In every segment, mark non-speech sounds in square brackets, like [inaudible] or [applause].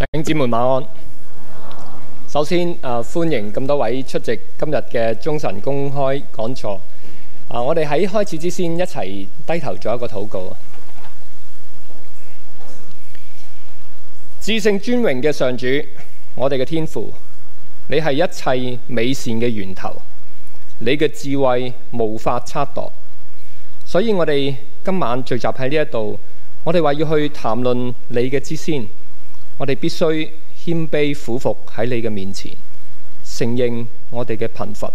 弟兄姊妹晚安。首先，誒、啊，歡迎咁多位出席今日嘅中神公開講座。啊，我哋喺開始之前一齊低頭做一個禱告。至聖尊榮嘅上主，我哋嘅天父，你係一切美善嘅源頭，你嘅智慧無法測度。所以我哋今晚聚集喺呢一度，我哋話要去談論你嘅知先。我哋必須謙卑俯伏喺你嘅面前，承認我哋嘅貧乏。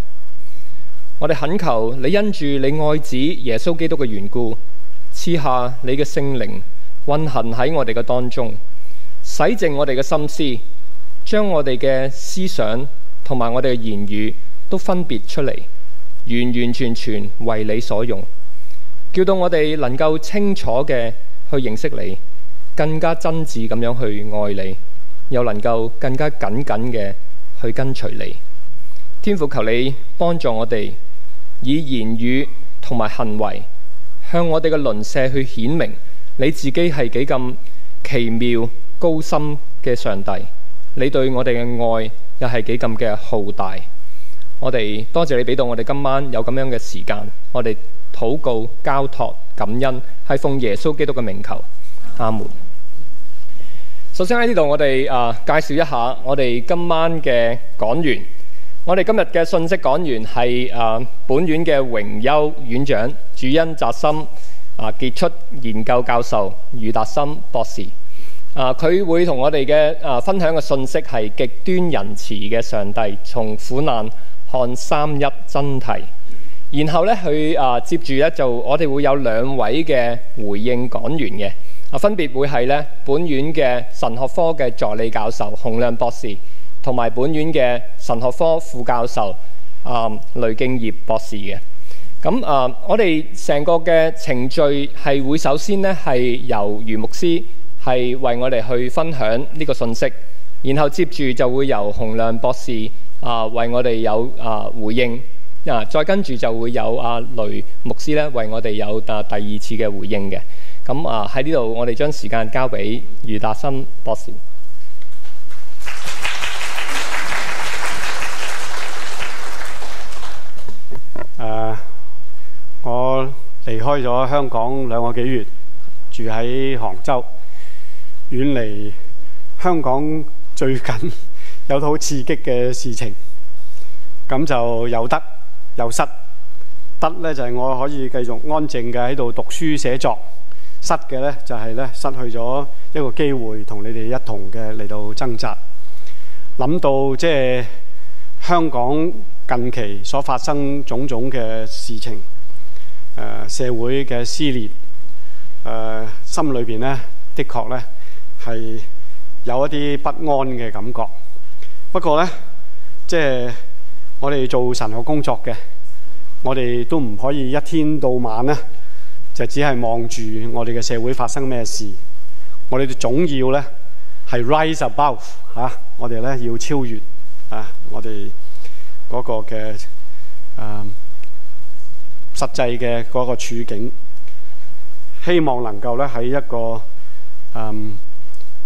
我哋懇求你因住你愛子耶穌基督嘅緣故，賜下你嘅聖靈運行喺我哋嘅當中，洗淨我哋嘅心思，將我哋嘅思想同埋我哋嘅言語都分別出嚟，完完全全為你所用，叫到我哋能夠清楚嘅去認識你。更加真摯咁樣去愛你，又能夠更加緊緊嘅去跟隨你。天父，求你幫助我哋以言語同埋行為向我哋嘅鄰舍去顯明你自己係幾咁奇妙高深嘅上帝。你對我哋嘅愛又係幾咁嘅浩大。我哋多謝你俾到我哋今晚有咁樣嘅時間，我哋禱告、交託、感恩，係奉耶穌基督嘅名求。阿門。首先喺呢度，我哋啊介紹一下我哋今晚嘅講員。我哋今日嘅信息講員係啊本院嘅榮休院長主恩澤森啊傑出研究教授余達心博士。啊，佢會同我哋嘅啊分享嘅信息係極端仁慈嘅上帝，從苦難看三一真諦。然後咧，佢啊接住咧就我哋會有兩位嘅回應講員嘅。啊、分別會係咧本院嘅神學科嘅助理教授洪亮博士，同埋本院嘅神學科副教授啊、嗯、雷競業博士嘅。咁、嗯、啊，我哋成個嘅程序係會首先咧係由余牧師係為我哋去分享呢個信息，然後接住就會由洪亮博士啊為我哋有啊回應啊，再跟住就會有阿、啊、雷牧師咧為我哋有第二次嘅回應嘅。咁啊，喺呢度，我哋將時間交俾余達心博士。誒，我離開咗香港兩個幾月，住喺杭州，遠離香港最近有套好刺激嘅事情。咁就有得有失，得呢就係我可以繼續安靜嘅喺度讀書寫作。失嘅咧，就係咧失去咗一個機會，同你哋一同嘅嚟到掙扎。諗到即係香港近期所發生種種嘅事情，誒社會嘅撕裂，誒心裏邊咧，的確咧係有一啲不安嘅感覺。不過咧，即係我哋做神學工作嘅，我哋都唔可以一天到晚咧。就只係望住我哋嘅社會發生咩事，我哋總要咧係 rise above 嚇、啊，我哋咧要超越啊，我哋嗰個嘅誒、啊、實際嘅嗰個處境，希望能夠咧喺一個誒、啊、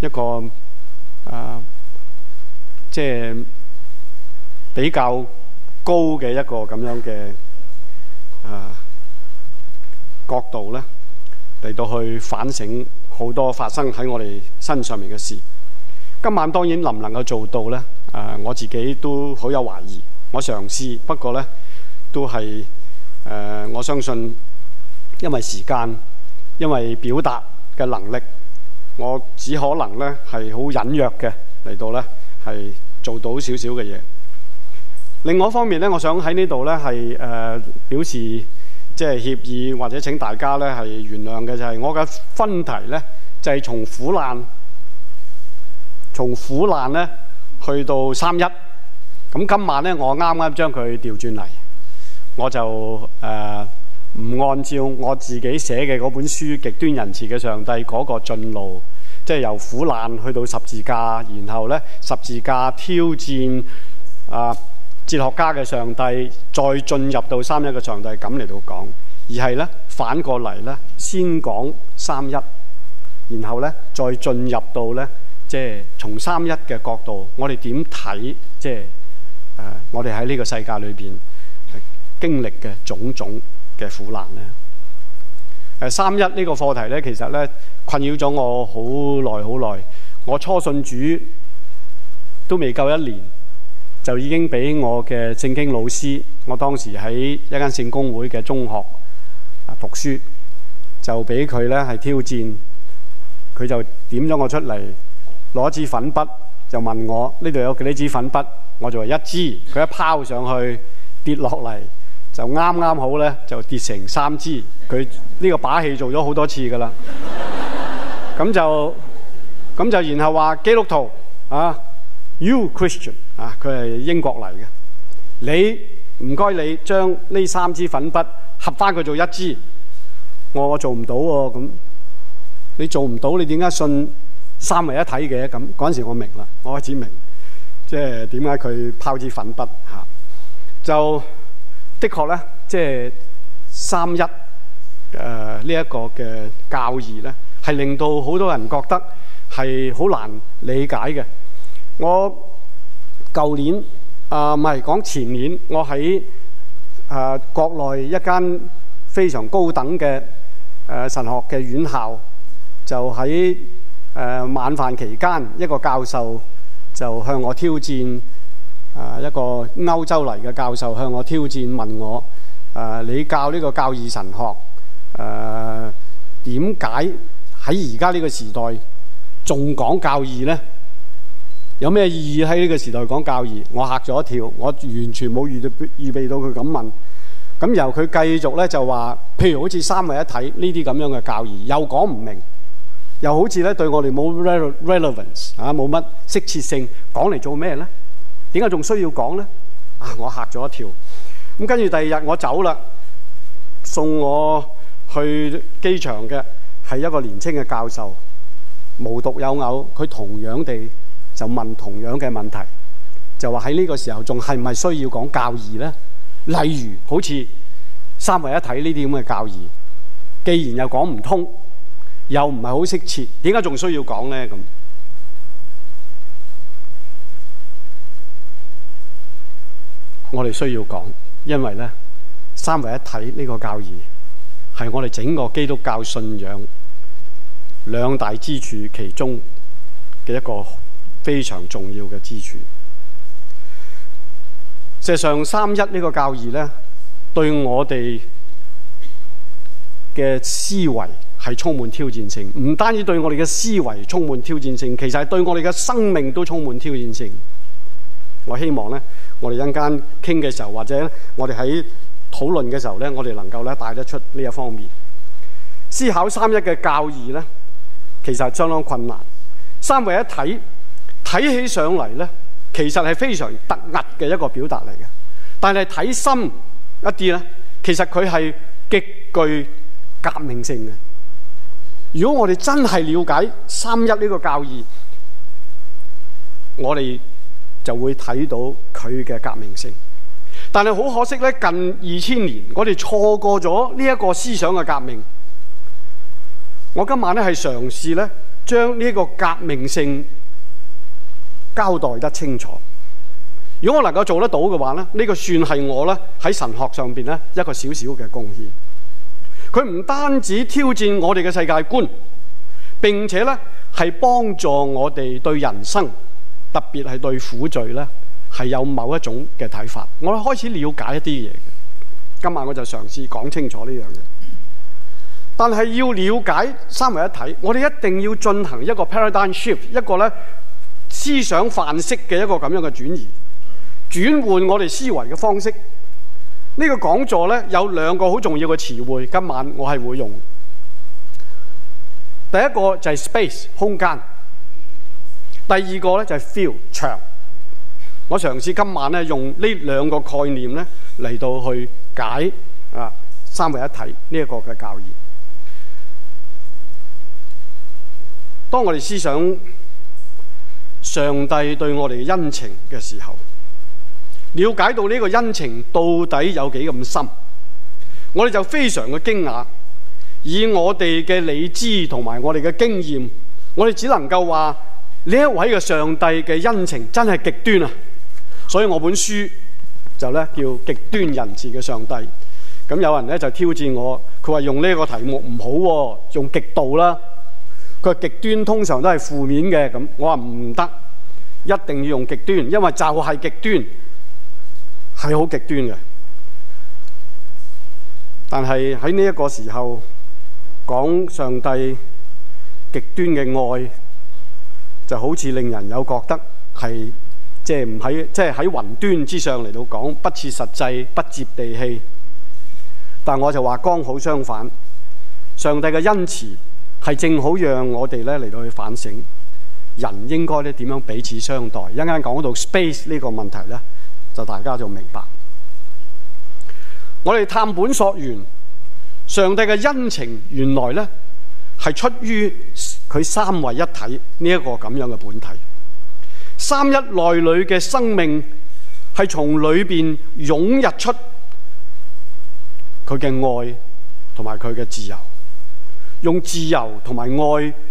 一個誒、啊、即係比較高嘅一個咁樣嘅啊。角度咧嚟到去反省好多發生喺我哋身上面嘅事。今晚當然能唔能夠做到呢、呃？我自己都好有懷疑。我嘗試，不過呢都係、呃、我相信因為時間，因為表達嘅能力，我只可能呢係好隱約嘅嚟到呢，係做到少少嘅嘢。另外一方面呢，我想喺呢度呢，係、呃、表示。即係協議，或者請大家咧係原諒嘅，就係我嘅分題呢，就係、是、從苦難，從苦難呢去到三一。咁今晚呢，我啱啱將佢調轉嚟，我就誒唔、呃、按照我自己寫嘅嗰本書《極端仁慈嘅上帝》嗰、那個進路，即、就、係、是、由苦難去到十字架，然後呢，十字架挑戰啊！呃哲學家嘅上帝再進入到三一嘅上帝咁嚟到講，而係呢，反過嚟呢，先講三一，然後呢，再進入到呢，即係從三一嘅角度，我哋點睇即係我哋喺呢個世界裏邊經歷嘅種種嘅苦難呢。三一呢個課題呢，其實呢，困擾咗我好耐好耐。我初信主都未夠一年。就已經俾我嘅聖經老師，我當時喺一間聖公會嘅中學啊讀書，就俾佢咧係挑戰，佢就點咗我出嚟，攞支粉筆就問我呢度有幾多支粉筆，我就話一支，佢一拋上去跌落嚟就啱啱好咧就跌成三支，佢呢個把戲做咗好多次噶啦，咁 [laughs] 就咁就然後話基督徒啊。You Christian 啊，佢係英國嚟嘅。你唔該，你將呢三支粉筆合翻佢做一支。我做唔到喎。哦，咁你做唔到，你點解信三位一體嘅？咁嗰陣時候我明啦，我開始明即係點解佢拋支粉筆嚇、啊、就的確咧，即、就、係、是、三一誒呢一個嘅教義咧，係令到好多人覺得係好難理解嘅。我舊年啊，唔係講，前年，我喺啊國內一間非常高等嘅誒神學嘅院校，就喺誒晚飯期間，一個教授就向我挑戰，啊一個歐洲嚟嘅教授向我挑戰，問我啊，你教呢個教義神學，誒點解喺而家呢個時代仲講教義呢？有咩意義喺呢個時代講教義？我嚇咗一跳，我完全冇預到預備到佢咁問。咁由佢繼續咧，就話譬如好似三位一體呢啲咁樣嘅教義，又講唔明，又好似咧對我哋冇 relevance 啊，冇乜適切性，講嚟做咩咧？點解仲需要講咧？啊！我嚇咗一跳。咁跟住第二日我走啦，送我去機場嘅係一個年青嘅教授，無獨有偶，佢同樣地。就問同樣嘅問題，就話喺呢個時候仲係咪需要講教義咧？例如好似三位一體呢啲咁嘅教義，既然又講唔通，又唔係好適切，點解仲需要講咧？咁我哋需要講，因為咧三位一體呢個教義係我哋整個基督教信仰兩大支柱其中嘅一個。非常重要嘅支柱。事實上，三一呢個教義呢，對我哋嘅思維係充滿挑戰性。唔單止對我哋嘅思維充滿挑戰性，其實係對我哋嘅生命都充滿挑戰性。我希望呢，我哋一陣間傾嘅時候，或者我哋喺討論嘅時候呢，我哋能夠呢帶得出呢一方面。思考三一嘅教義呢，其實係相當困難。三位一體。睇起上嚟呢，其實係非常突兀嘅一個表達嚟嘅。但係睇深一啲呢，其實佢係極具革命性嘅。如果我哋真係了解三一呢個教義，我哋就會睇到佢嘅革命性。但係好可惜呢，近二千年我哋錯過咗呢一個思想嘅革命。我今晚呢，係嘗試呢，將呢個革命性交代得清楚。如果我能夠做得到嘅話咧，呢個算係我咧喺神學上邊咧一個小小嘅貢獻。佢唔單止挑戰我哋嘅世界觀，並且咧係幫助我哋對人生，特別係對苦罪咧係有某一種嘅睇法。我開始了解一啲嘢。今晚我就嘗試講清楚呢樣嘢。但係要了解三位一體，我哋一定要進行一個 paradigm shift，一個咧。思想範式嘅一個咁樣嘅轉移，轉換我哋思維嘅方式。這個、講呢個講座咧有兩個好重要嘅詞彙，今晚我係會用。第一個就係 space 空間，第二個咧就係、是、field 場我嘗試今晚咧用呢兩個概念咧嚟到去解啊三位一體呢一個嘅教義。當我哋思想上帝對我哋嘅恩情嘅時候，了解到呢個恩情到底有幾咁深，我哋就非常嘅驚訝。以我哋嘅理智同埋我哋嘅經驗，我哋只能夠話呢一位嘅上帝嘅恩情真係極端啊！所以我本書就叫《極端仁慈嘅上帝》。咁有人呢就挑戰我，佢話用呢個題目唔好，用極度啦。佢極端通常都係負面嘅。噉我話唔得，一定要用極端，因為就係極端，係好極端嘅。但係喺呢個時候講上帝極端嘅愛，就好似令人有覺得係即係唔喺即係喺雲端之上嚟到講，不切實際、不接地氣。但我就話剛好相反，上帝嘅恩慈。係正好讓我哋來嚟到反省，人應該怎點樣彼此相待。一陣間講到 space 呢個問題呢就大家就明白。我哋探本溯源，上帝嘅恩情原來呢係出於佢三位一體呢一個咁樣嘅本體。三一內裏嘅生命係從裏面湧入出佢嘅愛同埋佢嘅自由。用自由同埋愛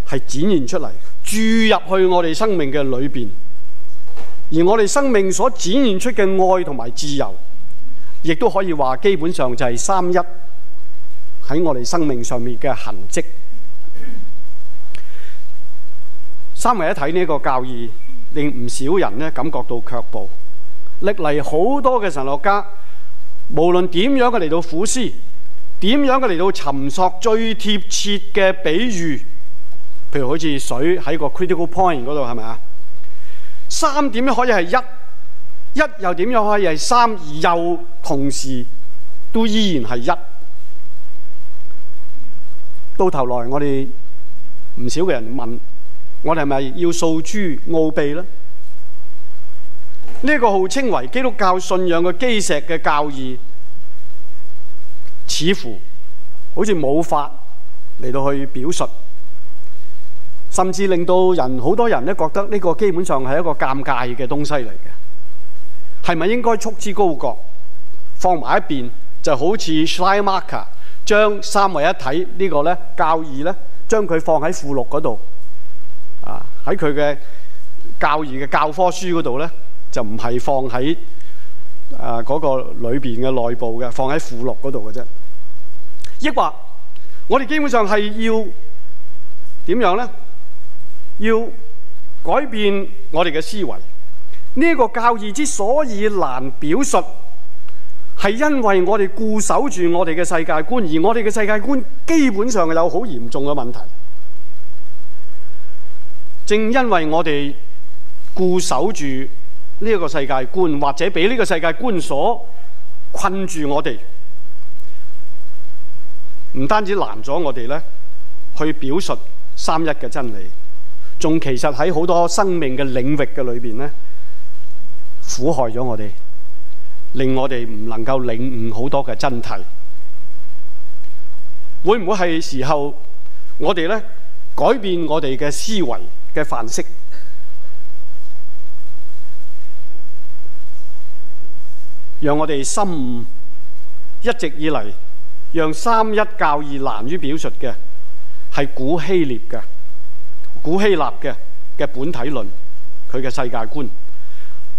係展現出嚟，注入去我哋生命嘅裏邊，而我哋生命所展現出嘅愛同埋自由，亦都可以話基本上就係三一喺我哋生命上面嘅痕跡。三位一體呢個教義，令唔少人咧感覺到卻步。歷嚟好多嘅神學家，無論點樣嘅嚟到苦思。點樣嘅嚟到尋索最貼切嘅比喻？譬如好似水喺個 critical point 嗰度，係咪啊？三點樣可以係一，一又點樣可以係三？而又同時都依然係一。到頭來我們，我哋唔少嘅人問：我哋係咪要訴諸奧秘呢？呢、這個號稱為基督教信仰嘅基石嘅教義，似乎好似冇法嚟到去表述，甚至令到人好多人咧覺得呢個基本上係一個尷尬嘅東西嚟嘅，係咪應該束之高閣，放埋一邊，就好似 Schleiermacher 將三位一體這個呢個咧教義咧，將佢放喺附錄嗰度啊，喺佢嘅教義嘅教科書嗰度咧就唔係放喺誒嗰個裏邊嘅內部嘅，放喺附錄嗰度嘅啫。抑或我哋基本上係要點樣咧？要改變我哋嘅思維。呢一個教義之所以難表述，係因為我哋固守住我哋嘅世界觀，而我哋嘅世界觀基本上有好嚴重嘅問題。正因為我哋固守住呢一個世界觀，或者俾呢個世界觀所困住我哋。唔單止攔咗我哋咧，去表述三一嘅真理，仲其實喺好多生命嘅領域嘅裏邊咧，苦害咗我哋，令我哋唔能夠領悟好多嘅真諦。會唔會係時候我哋咧改變我哋嘅思維嘅範式，讓我哋心一直以嚟？讓三一教義難於表述嘅係古希臘嘅古希臘嘅嘅本體論，佢嘅世界觀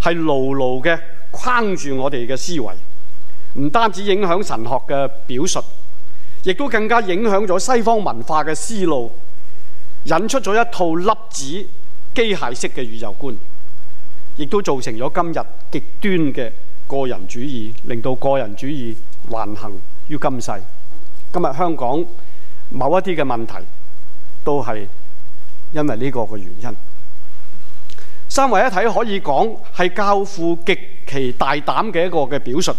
係牢牢嘅框住我哋嘅思維，唔單止影響神學嘅表述，亦都更加影響咗西方文化嘅思路，引出咗一套粒子機械式嘅宇宙觀，亦都造成咗今日極端嘅個人主義，令到個人主義橫行。於今世，今日香港某一啲嘅問題都係因為呢個嘅原因。三位一體可以講係教父極其大膽嘅一個嘅表述，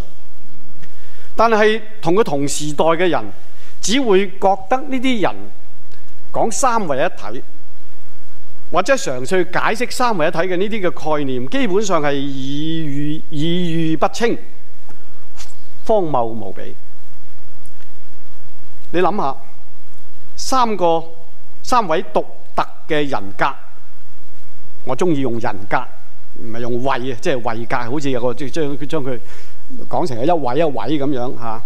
但係同佢同時代嘅人只會覺得呢啲人講三位一體，或者嘗試去解釋三位一體嘅呢啲嘅概念，基本上係意喻意喻不清，荒謬無比。你諗下，三個三位獨特嘅人格，我中意用人格，唔係用位啊，即係位格，好似有個將將佢講成係一位一位這樣、啊、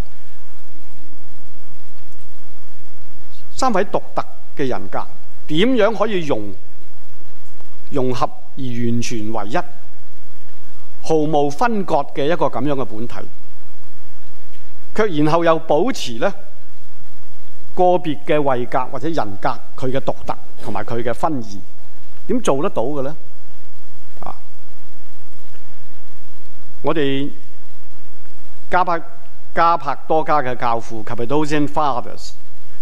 三位獨特嘅人格點樣可以融融合而完全為一、毫無分割嘅一個這樣嘅本體，卻然後又保持呢。個別嘅位格或者人格，佢嘅獨特同埋佢嘅分異，點做得到嘅咧？啊！我哋加柏加柏多加嘅教父及 Cappadocian Fathers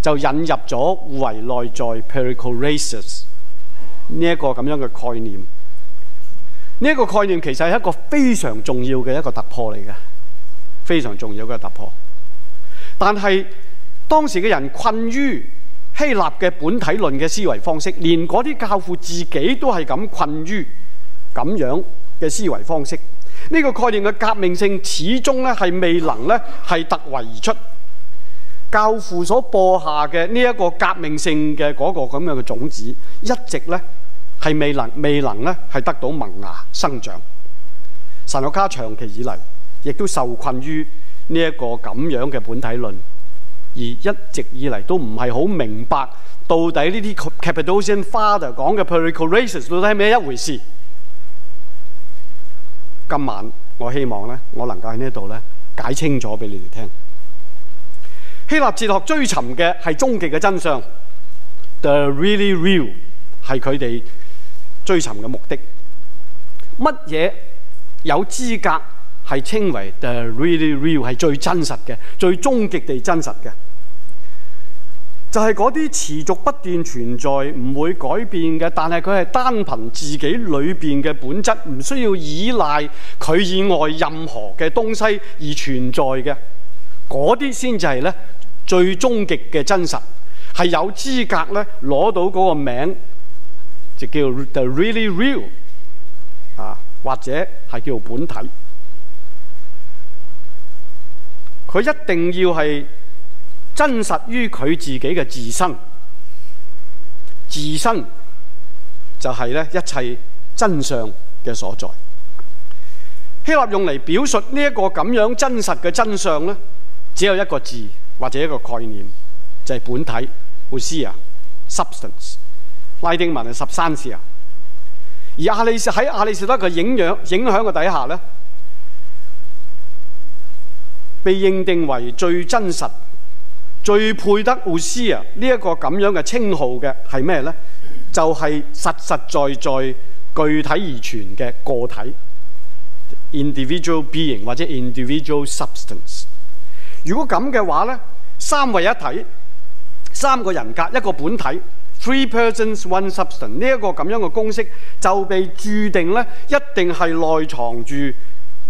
就引入咗互為內在 perichoresis l 呢、這、一個咁樣嘅概念。呢、這、一個概念其實係一個非常重要嘅一個突破嚟嘅，非常重要嘅突破。但係當時嘅人困於希臘嘅本體論嘅思維方式，連嗰啲教父自己都係咁困於咁樣嘅思維方式。呢個概念嘅革命性始終咧係未能咧係突圍而出。教父所播下嘅呢一個革命性嘅嗰個咁樣嘅種子，一直咧係未能未能咧係得到萌芽生長。神學家長期以嚟亦都受困於呢一個咁樣嘅本體論。而一直以嚟都唔係好明白，到底呢啲 capitalism 花就講嘅 pericoraces 到底係咩一回事？今晚我希望咧，我能夠喺呢度咧解清楚俾你哋聽。希臘哲學追尋嘅係終極嘅真相，the really real 係佢哋追尋嘅目的。乜嘢有資格？係稱為 the really real 係最真實嘅、最終極地真實嘅，就係嗰啲持續不斷存在、唔會改變嘅，但係佢係單憑自己裏邊嘅本質，唔需要依賴佢以外任何嘅東西而存在嘅，嗰啲先至係咧最終極嘅真實，係有資格咧攞到嗰個名，就叫 the really real 啊，或者係叫本體。佢一定要係真實於佢自己嘅自身，自身就係咧一切真相嘅所在。希臘用嚟表述呢一個咁樣真實嘅真相咧，只有一個字或者一個概念，就係、是、本體。ousia 啊，substance，拉丁文係 substantia 啊。而亞里喺亞里斯多德嘅影響影響嘅底下咧。被認定為最真實、最配得奧斯亞呢一個咁樣嘅稱號嘅係咩呢？就係、是、實實在在具體而存嘅個體 （individual being） 或者 individual substance。如果咁嘅話呢，三位一體，三個人格一個本體 （three persons one substance） 呢一個咁樣嘅公式，就被註定呢一定係內藏住。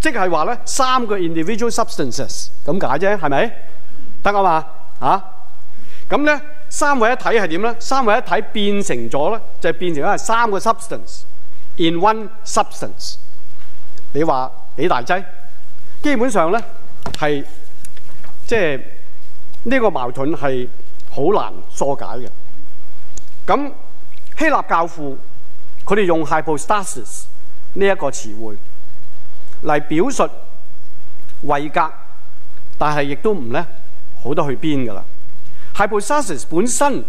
即係話咧三個 individual substances 咁解啫，係咪？得啊嘛吓？咁咧三位一體係點咧？三位一體變成咗咧，就變成咗係三個 substance in one substance。你話幾大劑？基本上咧係即係呢個矛盾係好難疏解嘅。咁希臘教父佢哋用 hypostasis 呢一個詞彙。嚟表述位格，但係亦都唔咧，好多去邊噶啦。hypostasis 本身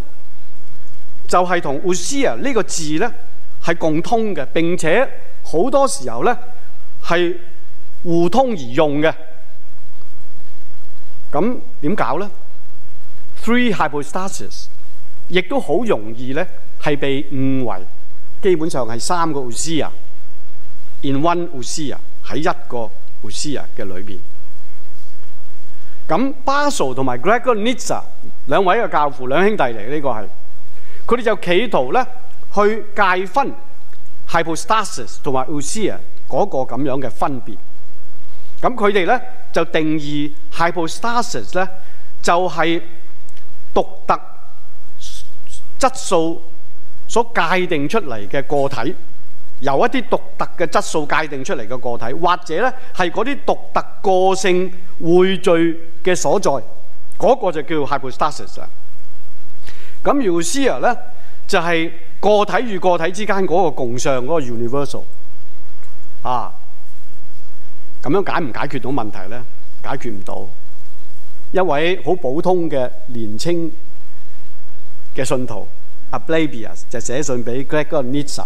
就係同 ousia 呢個字咧係共通嘅，並且好多時候咧係互通而用嘅。咁點搞咧？three hypostasis 亦都好容易咧係被誤為，基本上係三個 ousia in one ousia。喺一個奧斯亞嘅裏邊，咁 Basel 同、so、埋 Gregor 格雷戈 Nizza 兩位嘅教父兩兄弟嚟，呢、這個係佢哋就企圖咧去界分 hypostasis 同埋奧斯亞嗰個咁樣嘅分別。咁佢哋咧就定義 hypostasis 咧就係、是、獨特質素所界定出嚟嘅個體。由一啲獨特嘅質素界定出嚟嘅個體，或者咧係嗰啲獨特個性匯聚嘅所在，嗰個就叫 hypostasis 啦。咁 ousia 咧就係個體與個體之間嗰個共相嗰個 universal 啊。咁樣解唔解決到問題咧？解決唔到。一位好普通嘅年青嘅信徒 Ablabius 就寫信俾 Gregory of Nyssa。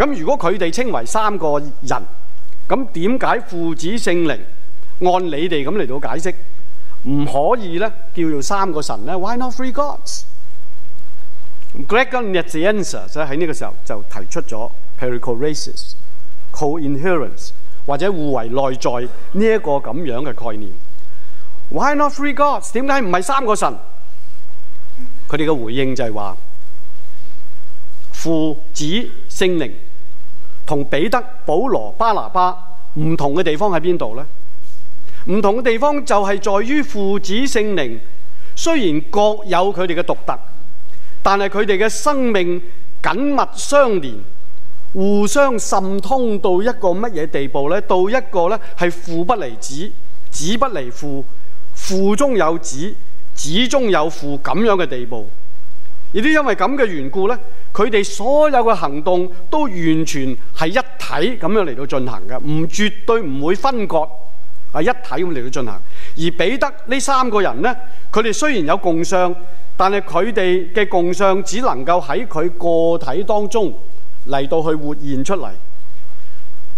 咁如果佢哋稱為三個人，咁點解父子聖靈按你哋咁嚟到解釋唔可以咧？叫做三個神咧？Why not three gods？Gregory Nazianzen 喺呢個時候就提出咗 perichoresis co-inherence 或者互為內在呢一個咁樣嘅概念。Why not three gods？點解唔係三個神？佢哋嘅回應就係話父子聖靈。同彼得、保羅、巴拿巴唔同嘅地方喺邊度呢？唔同嘅地方就係在於父子聖靈，雖然各有佢哋嘅獨特，但係佢哋嘅生命緊密相連，互相滲通到一個乜嘢地步呢？到一個咧係父不離子，子不離父，父中有子，子中有父咁樣嘅地步。亦都因為咁嘅緣故呢，佢哋所有嘅行動都完全係一體咁樣嚟到進行嘅，唔絕對唔會分割，係一體咁嚟到進行。而彼得呢三個人呢，佢哋雖然有共相，但係佢哋嘅共相只能夠喺佢個體當中嚟到去活現出嚟。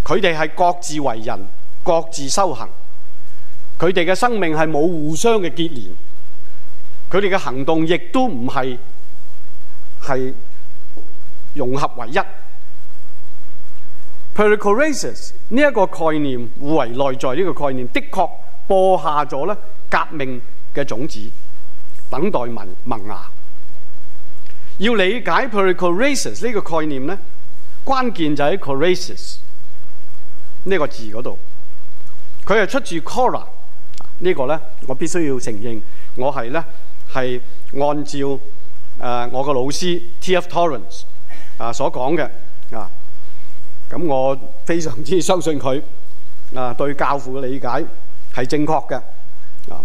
佢哋係各自為人，各自修行。佢哋嘅生命係冇互相嘅結連，佢哋嘅行動亦都唔係。係融合為一，perichoresis 呢一個概念，互為內在呢個概念的確播下咗咧革命嘅種子，等待萌萌芽。要理解 perichoresis 呢個概念咧，關鍵就喺 choresis 呢個字嗰度。佢係出自 cora，呢個咧我必須要承認，我係咧係按照。呃、我個老師 T. F. Torrance 啊、呃、所講嘅啊，咁我非常之相信佢啊對教父嘅理解係正確嘅啊。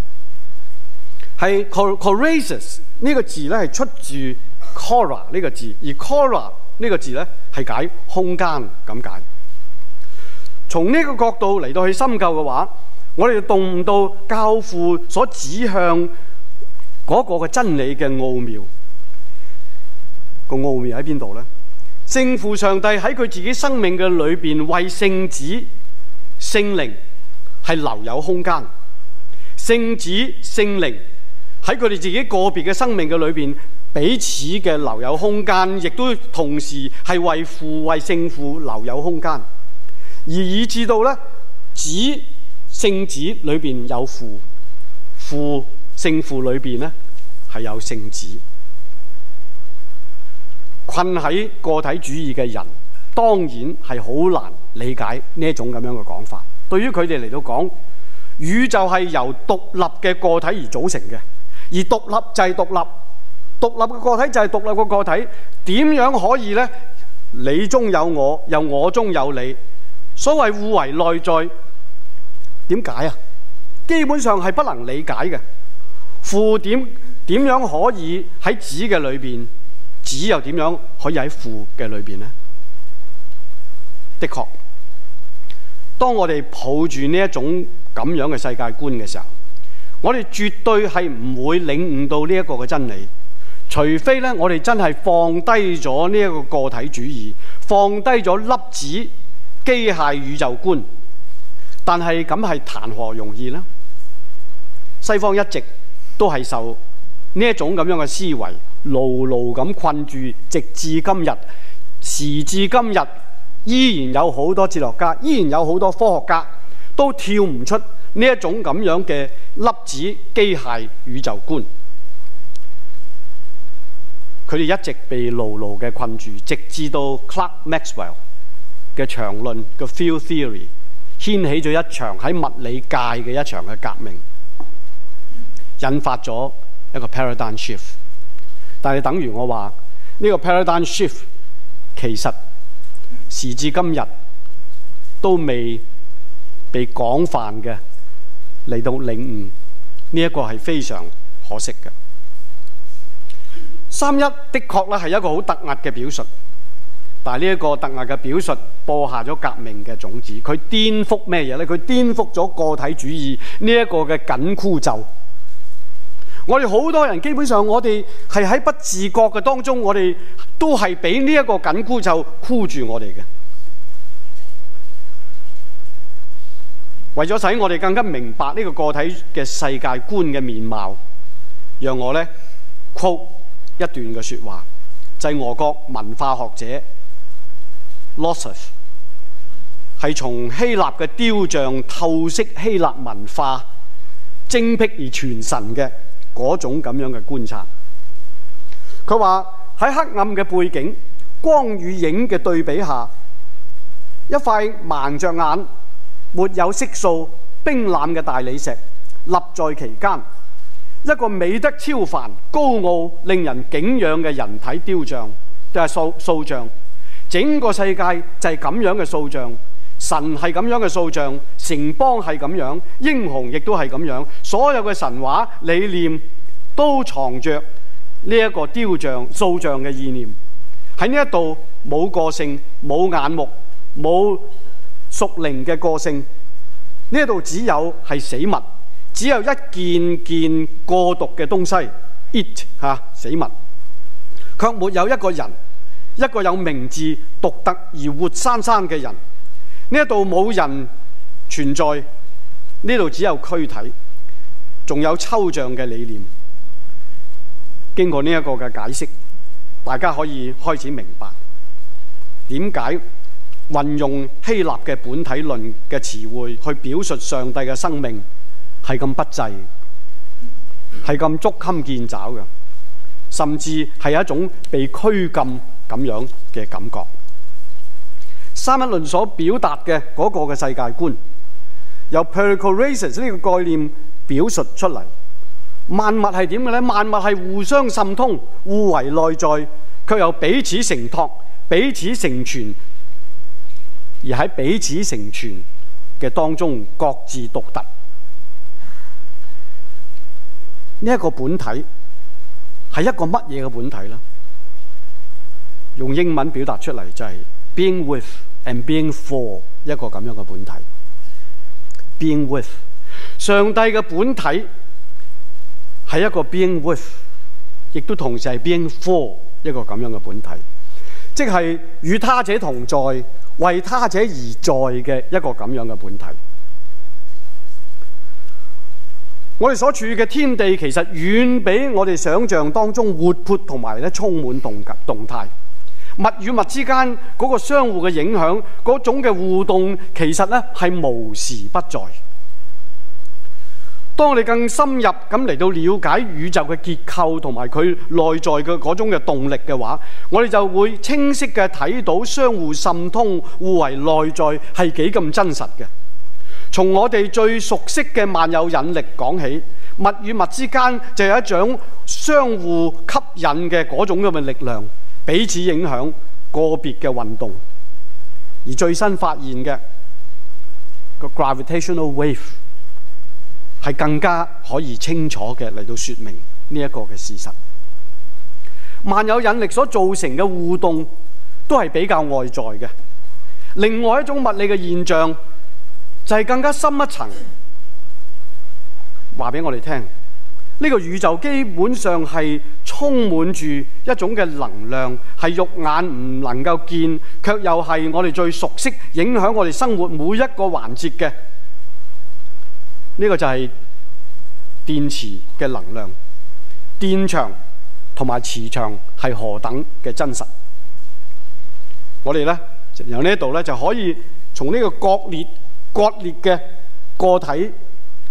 係 choresis 呢個字咧，係出自 cora 呢個字，而 cora 呢個字咧係解空間咁解。從呢個角度嚟到去深究嘅話，我哋就動唔到教父所指向嗰個嘅真理嘅奧妙。個奧妙喺邊度呢？聖父上帝喺佢自己生命嘅裏邊為聖子、聖靈係留有空間；聖子、聖靈喺佢哋自己個別嘅生命嘅裏邊彼此嘅留有空間，亦都同時係為父、為聖父留有空間，而以至到咧，子、聖子裏邊有父，父、聖父裏邊咧係有聖子。困喺個體主義嘅人，當然係好難理解呢一種咁樣嘅講法。對於佢哋嚟到講，宇宙係由獨立嘅個體而組成嘅，而獨立就係獨立，獨立嘅個體就係獨立嘅個體。點樣可以呢？你中有我，又我中有你。所謂互為內在，點解啊？基本上係不能理解嘅。父點點樣可以喺子嘅裏邊？子又點樣可以喺父嘅裏邊呢？的確，當我哋抱住呢一種咁樣嘅世界觀嘅時候，我哋絕對係唔會領悟到呢一個嘅真理，除非咧我哋真係放低咗呢一個個體主義，放低咗粒子機械宇宙觀。但係咁係談何容易呢？西方一直都係受，呢一種咁樣嘅思維，牢牢咁困住，直至今日。時至今日，依然有好多哲學家，依然有好多科學家，都跳唔出呢一種咁樣嘅粒子機械宇宙觀。佢哋一直被牢牢嘅困住，直至到 Clark Maxwell 嘅場論嘅 Field Theory 掀起咗一場喺物理界嘅一場嘅革命，引發咗一個 paradigm shift，但係等於我話呢、這個 paradigm shift，其實時至今日都未被廣泛嘅嚟到領悟，呢、這、一個係非常可惜嘅。三一的確咧係一個好突兀嘅表述，但係呢一個突兀嘅表述播下咗革命嘅種子，佢顛覆咩嘢咧？佢顛覆咗個體主義呢一個嘅緊箍咒。我哋好多人基本上，我哋係喺不自覺嘅當中，我哋都係俾呢一個緊箍咒箍住我哋嘅。為咗使我哋更加明白呢個個體嘅世界觀嘅面貌，讓我咧 quote 一段嘅說話，就係、是、俄國文化學者 l o s 洛瑟，係從希臘嘅雕像透析希臘文化精闢而傳神嘅。嗰種咁樣嘅觀察，佢話喺黑暗嘅背景光與影嘅對比下，一塊盲著眼、沒有色素、冰冷嘅大理石立在其間，一個美得超凡、高傲、令人敬仰嘅人體雕像，就係塑塑像。整個世界就係咁樣嘅塑像。神係咁樣嘅塑像，城邦係咁樣，英雄亦都係咁樣，所有嘅神話理念都藏着呢一個雕像塑像嘅意念。喺呢一度冇個性、冇眼目、冇屬靈嘅個性，呢度只有係死物，有只有一件件過毒嘅東西，it 嚇死物，卻沒有一個人，一個有名字獨特而活生生嘅人。呢度冇人存在，呢度只有軀體，仲有抽象嘅理念。經過呢一個嘅解釋，大家可以開始明白點解運用希臘嘅本體論嘅詞彙去表述上帝嘅生命係咁不濟，係咁 [laughs] 捉襟見肘嘅，甚至係一種被拘禁咁樣嘅感覺。三一論所表達嘅嗰個嘅世界觀，由 perichoresis 呢個概念表述出嚟，萬物係點嘅咧？萬物係互相滲通、互為內在，卻又彼此承托、彼此成全，而喺彼此成全嘅當中，各自獨特。呢、這、一個本體係一個乜嘢嘅本體咧？用英文表達出嚟就係 being with。And being for 一個咁樣嘅本體，being with 上帝嘅本體係一個 being with，亦都同時係 being for 一個咁樣嘅本體，即係與他者同在、為他者而在嘅一個咁樣嘅本體。我哋所處嘅天地其實遠比我哋想象當中活潑同埋咧充滿動動態。物與物之間嗰個相互嘅影響，嗰種嘅互動其實呢係無時不在。當我哋更深入咁嚟到了解宇宙嘅結構同埋佢內在嘅嗰種嘅動力嘅話，我哋就會清晰嘅睇到相互滲通、互為內在係幾咁真實嘅。從我哋最熟悉嘅萬有引力講起，物與物之間就有一種相互吸引嘅嗰種咁嘅力量。彼此影響個別嘅運動，而最新發現嘅 gravitational wave 係更加可以清楚嘅嚟到説明呢一個嘅事實。萬有引力所造成嘅互動都係比較外在嘅，另外一種物理嘅現象就係更加深一層，話俾我哋聽。呢個宇宙基本上係充滿住一種嘅能量，係肉眼唔能夠見，卻又係我哋最熟悉，影響我哋生活每一個環節嘅。呢、這個就係電磁嘅能量、電場同埋磁場係何等嘅真實？我哋呢由這裏呢度就可以從呢個割裂、割裂嘅個體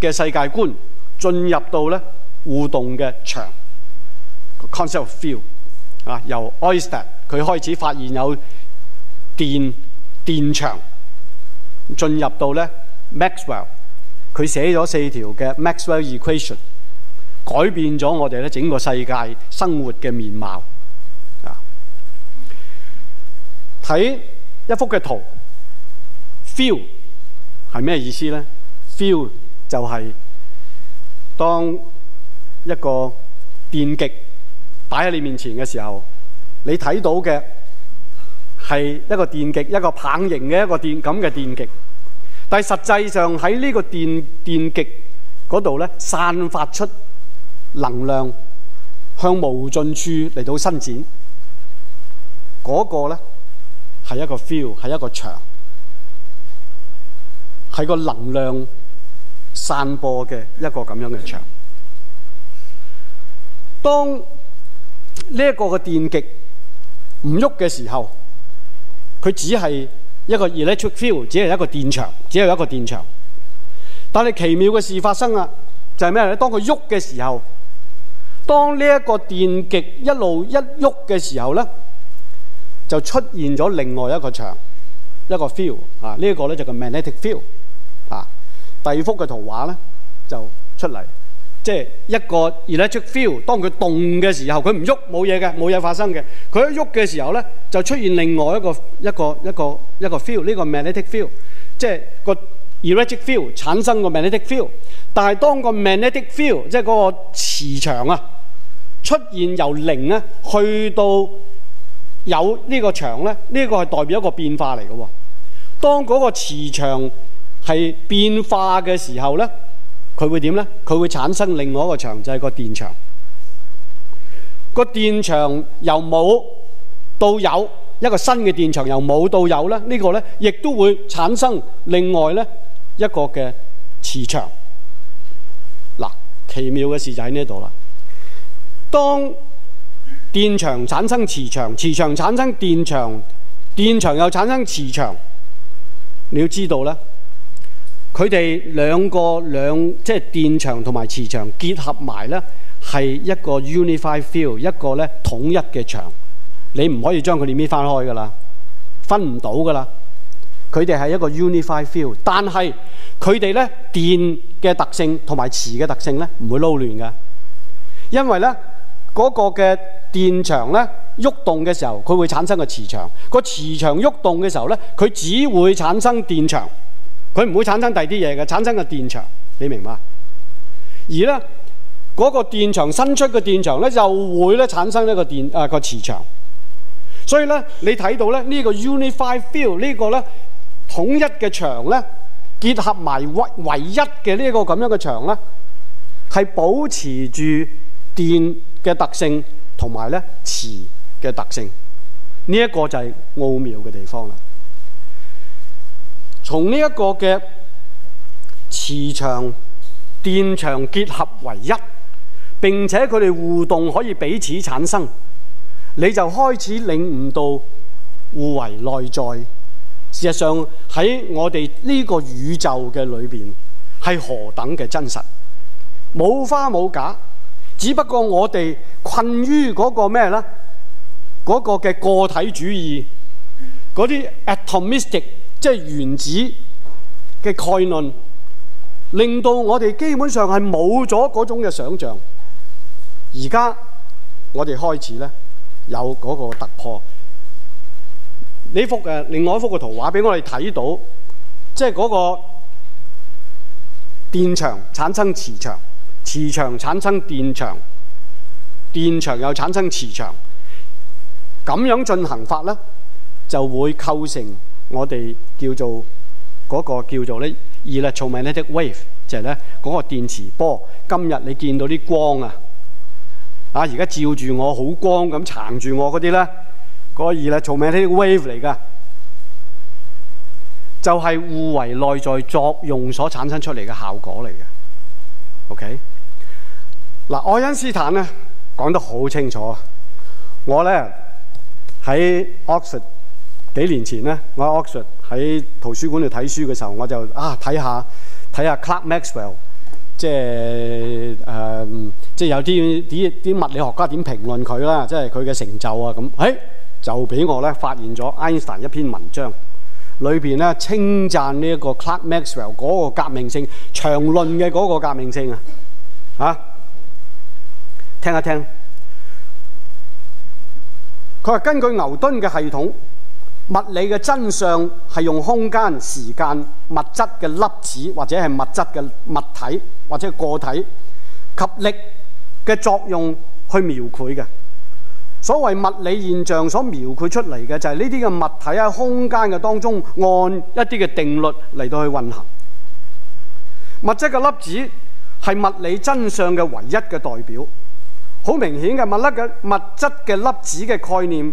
嘅世界觀進入到呢。互動嘅場 concept field 啊，由 Oersted 佢開始發現有電電場，進入到咧 Maxwell，佢寫咗四條嘅 Maxwell equation，改變咗我哋咧整個世界生活嘅面貌啊！睇一幅嘅圖，field 係咩意思咧？field 就係當一個電極擺喺你面前嘅時候，你睇到嘅係一個電極，一個棒形嘅一個電咁嘅電極。但係實際上喺呢個電電極嗰度咧，散發出能量向無盡處嚟到伸展。嗰、那個咧係一個 field 係一個場，係個能量散播嘅一個咁樣嘅場。當呢一個嘅電極唔喐嘅時候，佢只係一個 electric field，只係一個電場，只係一個電場。但係奇妙嘅事發生啊，就係咩咧？當佢喐嘅時候，當呢一個電極一路一喐嘅時候咧，就出現咗另外一個場，一個 field 啊，呢、這、一個咧就叫 magnetic field 啊。第二幅嘅圖畫咧就出嚟。即係一個 electric field，當佢動嘅時候，佢唔喐，冇嘢嘅，冇嘢發生嘅。佢一喐嘅時候咧，就出現另外一個一個一個一個 field，呢個 magnetic field，即係個 electric field 產生個 magnetic field。但係當個 magnetic field，即係嗰個磁場啊，出現由零咧去到有呢個場咧，呢、這個係代表一個變化嚟嘅。當嗰個磁場係變化嘅時候咧。佢會點呢？佢會產生另外一個場，就係個電場。個電場由冇到有，一個新嘅電場由冇到有咧。呢個呢，亦都會產生另外呢一個嘅磁場。嗱，奇妙嘅事就喺呢度啦。當電場產生磁場，磁場產生電場，電場又產生磁場，你要知道咧。佢哋兩個兩即係電場同埋磁場結合埋咧，係一個 unified field，一個咧統一嘅場。你唔可以將佢哋搣翻開噶啦，分唔到噶啦。佢哋係一個 unified field，但係佢哋咧電嘅特性同埋磁嘅特性咧唔會撈亂噶，因為咧嗰、嗰個嘅電場咧喐動嘅時候，佢會產生個磁場；個磁場喐動嘅時候咧，佢只會產生電場。佢唔會產生第二啲嘢嘅，產生個電場，你明嘛？而咧嗰、嗰個電場新出嘅電場咧，又會咧產生呢個電啊個、呃、磁場。所以咧，你睇到咧呢、這個 unified field 個呢個咧統一嘅場咧，結合埋唯唯一嘅呢個咁樣嘅場咧，係保持住電嘅特性同埋咧磁嘅特性。呢一、這個就係奧妙嘅地方啦。從呢一個嘅磁場、電場結合為一，並且佢哋互動可以彼此產生，你就開始領悟到互為內在。事實上喺我哋呢個宇宙嘅裏邊係何等嘅真實，冇花冇假，只不過我哋困於嗰個咩咧？嗰、嗰個嘅個體主義，嗰啲 atomistic。即係原子嘅概論，令到我哋基本上係冇咗嗰種嘅想象。而家我哋開始咧有嗰個突破呢，幅誒另外一幅嘅圖畫俾我哋睇到。即係嗰個電場產生磁場，磁場產生電場，電場又產生磁場，咁樣進行法咧就會構成。我哋叫做嗰、那個叫做咧 electromagnetic wave，就係咧嗰個電磁波。今日你見到啲光啊，啊而家照住我好光咁撐住我嗰啲咧，嗰、那個 electromagnetic wave 嚟噶，就係、是、互為內在作用所產生出嚟嘅效果嚟嘅。OK，嗱、啊、愛因斯坦咧講得好清楚，我咧喺 Oxford 幾年前咧，我喺 Oxford 喺圖書館度睇書嘅時候，我就啊睇下睇下 Clerk Maxwell，即係誒、呃、即係有啲啲啲物理學家點評論佢啦，即係佢嘅成就啊咁，誒、哎、就俾我咧發現咗 Einstein 一篇文章，裏邊咧稱讚呢一個 Clerk Maxwell 嗰個革命性場論嘅嗰個革命性啊嚇，聽一聽，佢話根據牛頓嘅系統。物理嘅真相係用空間、時間、物質嘅粒子或者係物質嘅物體或者個體及力嘅作用去描繪嘅。所謂物理現象所描繪出嚟嘅就係呢啲嘅物體喺空間嘅當中按一啲嘅定律嚟到去運行。物質嘅粒子係物理真相嘅唯一嘅代表。好明顯嘅物粒嘅物質嘅粒子嘅概念。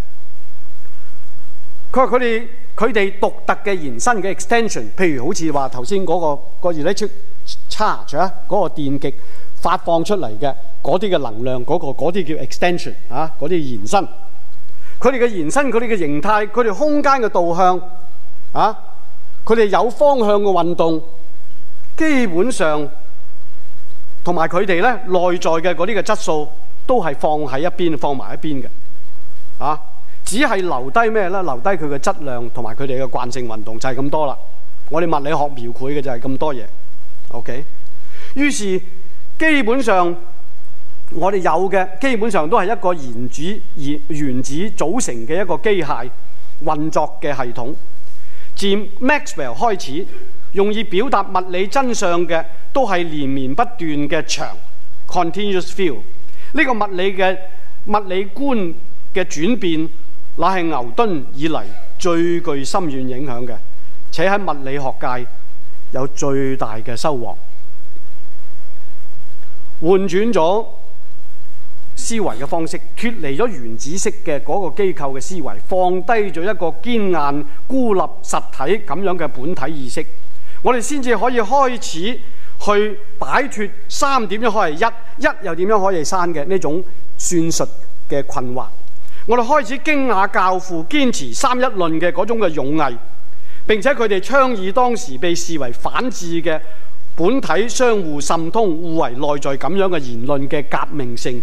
佢話佢哋佢哋獨特嘅延伸嘅 extension，譬如好似話頭先嗰個 electric charge 嗰個電極發放出嚟嘅嗰啲嘅能量，嗰個嗰啲叫 extension 啊，嗰啲延伸。佢哋嘅延伸，佢哋嘅形態，佢哋空間嘅導向啊，佢哋有方向嘅運動，基本上同埋佢哋咧內在嘅嗰啲嘅質素都係放喺一邊，放埋一邊嘅啊。只係留低咩呢？留低佢嘅質量同埋佢哋嘅慣性運動就係咁多啦。我哋物理學描繪嘅就係咁多嘢。OK，於是基本上我哋有嘅基本上都係一個原子，而原子組成嘅一個機械運作嘅系統。自 Maxwell 開始，用以表達物理真相嘅都係連綿不斷嘅場 continuous field。呢個物理嘅物理觀嘅轉變。那係牛頓以來最具深遠影響嘅，且喺物理學界有最大嘅收穫，換轉咗思維嘅方式，脫離咗原子式嘅嗰個機構嘅思維，放低咗一個堅硬孤立實體咁樣嘅本體意識，我哋先至可以開始去擺脫三點樣可以一，一又點樣可以三嘅呢種算術嘅困惑。我哋開始驚訝教父堅持三一論嘅嗰種嘅勇毅，並且佢哋倡議當時被視為反智嘅本體相互滲通、互為內在這樣嘅言論嘅革命性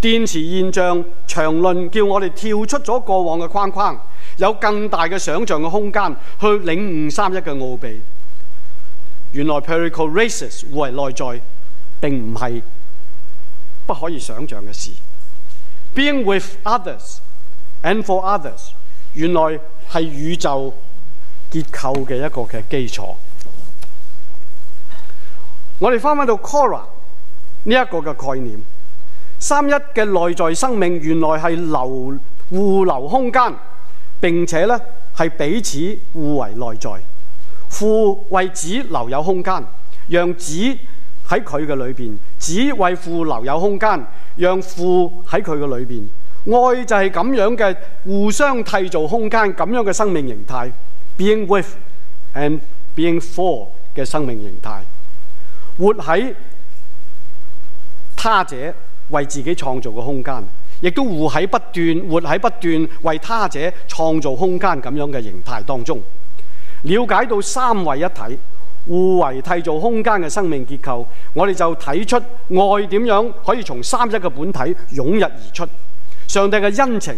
電磁現象場論，叫我哋跳出咗過往嘅框框，有更大嘅想像嘅空間去領悟三一嘅奧秘。原來 perichoresis 互為內在並唔係不可以想像嘅事。Being with others and for others，原來係宇宙結構嘅一個嘅基礎。我哋翻翻到 Cora 呢一個嘅概念，三一嘅內在生命原來係留互留空間，並且咧係彼此互為內在，父為子留有空間，讓子。喺佢嘅裏面，只為父留有空間，讓父喺佢嘅裏面。愛就係咁樣嘅互相締造空間，咁樣嘅生命形態，Being with and being for 嘅生命形態。活喺他者為自己創造嘅空間，亦都活喺不斷活喺不斷為他者創造空間咁樣嘅形態當中，了解到三位一體。互為締造空間嘅生命結構，我哋就睇出愛點樣可以從三一嘅本體湧入而出。上帝嘅恩情，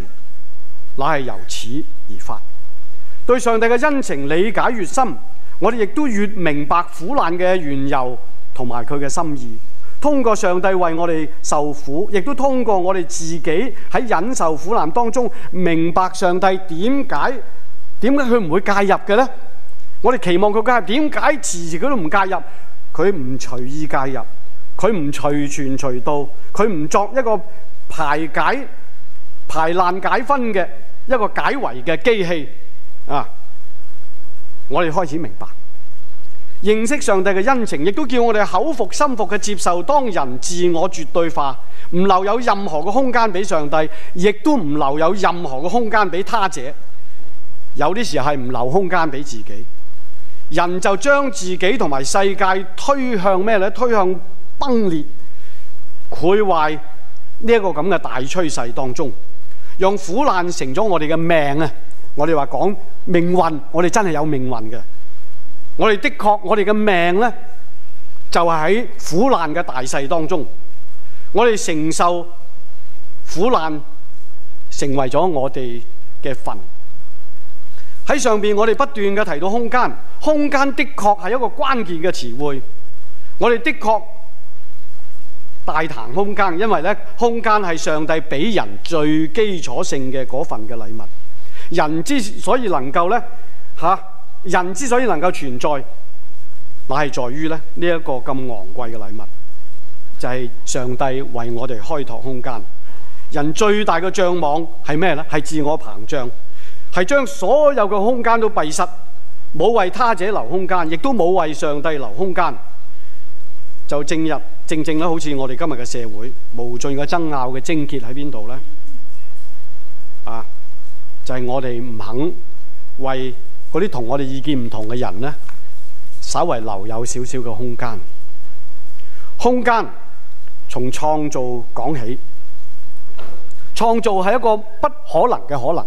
乃係由此而發。對上帝嘅恩情理解越深，我哋亦都越明白苦難嘅緣由同埋佢嘅心意。通過上帝為我哋受苦，亦都通過我哋自己喺忍受苦難當中，明白上帝點解點解佢唔會介入嘅呢？我哋期望佢介入，點解？遲遲佢都唔介入，佢唔隨意介入，佢唔隨傳隨到，佢唔作一個排解，排難解紛嘅一個解圍嘅機器啊！我哋開始明白認識上帝嘅恩情，亦都叫我哋口服心服嘅接受，當人自我絕對化，唔留有任何嘅空間俾上帝，亦都唔留有任何嘅空間俾他者。有啲時候係唔留空間俾自己。人就將自己同埋世界推向咩呢？推向崩裂、潰壞呢一個咁嘅大趨勢當中，用苦難成咗我哋嘅命啊！我哋話講「命運」，我哋真係有命運嘅。我哋的確，我哋嘅命呢，就喺苦難嘅大勢當中，我哋承受苦難，成為咗我哋嘅墳。喺上邊我哋不斷嘅提到空間，空間的確係一個關鍵嘅詞彙。我哋的確大談空間，因為咧空間係上帝俾人最基礎性嘅嗰份嘅禮物。人之所以能夠咧、啊、人之所以能夠存在，乃係在於咧呢一、這個咁昂貴嘅禮物，就係、是、上帝為我哋開拓空間。人最大嘅障礙係咩咧？係自我膨脹。係將所有嘅空間都閉塞，冇為他者留空間，亦都冇為上帝留空間，就正入正正得好似我哋今日嘅社會，無盡嘅爭拗嘅症結喺邊度咧？啊，就係、是、我哋唔肯為嗰啲同我哋意見唔同嘅人咧，稍為留有少少嘅空間。空間從創造講起，創造係一個不可能嘅可能。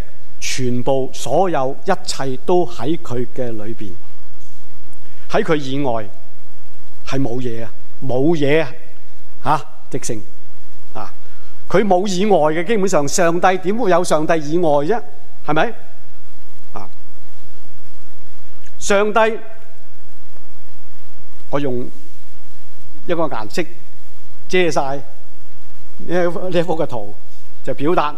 全部所有一切都喺佢嘅裏邊，喺佢以外係冇嘢啊，冇嘢啊，吓！直性啊，佢冇以外嘅，基本上上帝點會有上帝以外啫？係咪啊？上帝，我用一個顏色遮晒呢呢幅嘅圖，就表達。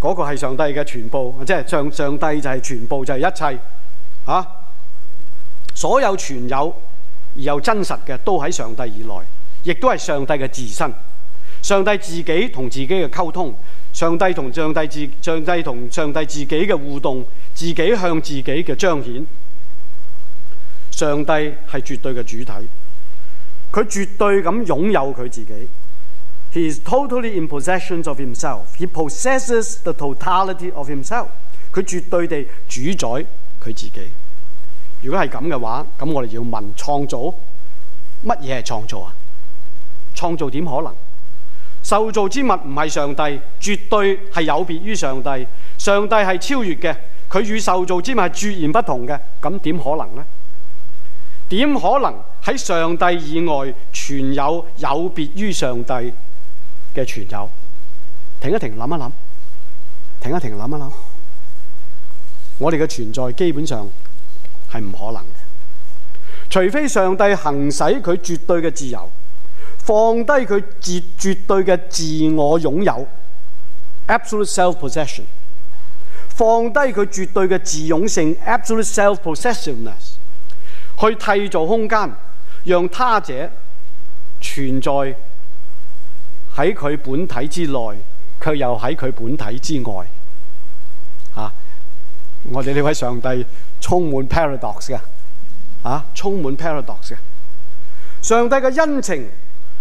嗰個係上帝嘅全部，即係上上帝就係全部就係一切，啊，所有全有而又真實嘅都喺上帝以來亦都係上帝嘅自身。上帝自己同自己嘅溝通，上帝同上帝自上帝同上帝自己嘅互動，自己向自己嘅彰顯。上帝係絕對嘅主體，佢絕對咁擁有佢自己。He is totally in possession of himself. He possesses the totality of himself. 佢絕對地主宰佢自己。如果係咁嘅話，咁我哋要問創造，乜嘢係創造啊？創造點可能？受造之物唔係上帝，絕對係有別於上帝。上帝係超越嘅，佢與受造之物係絕然不同嘅。咁點可能呢？點可能喺上帝以外存有有別於上帝？嘅存有，停一停，諗一諗，停一停，諗一諗，我哋嘅存在基本上係唔可能嘅，除非上帝行使佢絕對嘅自由，放低佢自絕對嘅自我擁有 （absolute self possession），放低佢絕對嘅自擁性 （absolute self possessiveness），去締造空間，讓他者存在。喺佢本體之內，卻又喺佢本體之外。啊！我哋呢位上帝充滿 paradox 嘅，啊充滿 paradox 嘅。上帝嘅恩情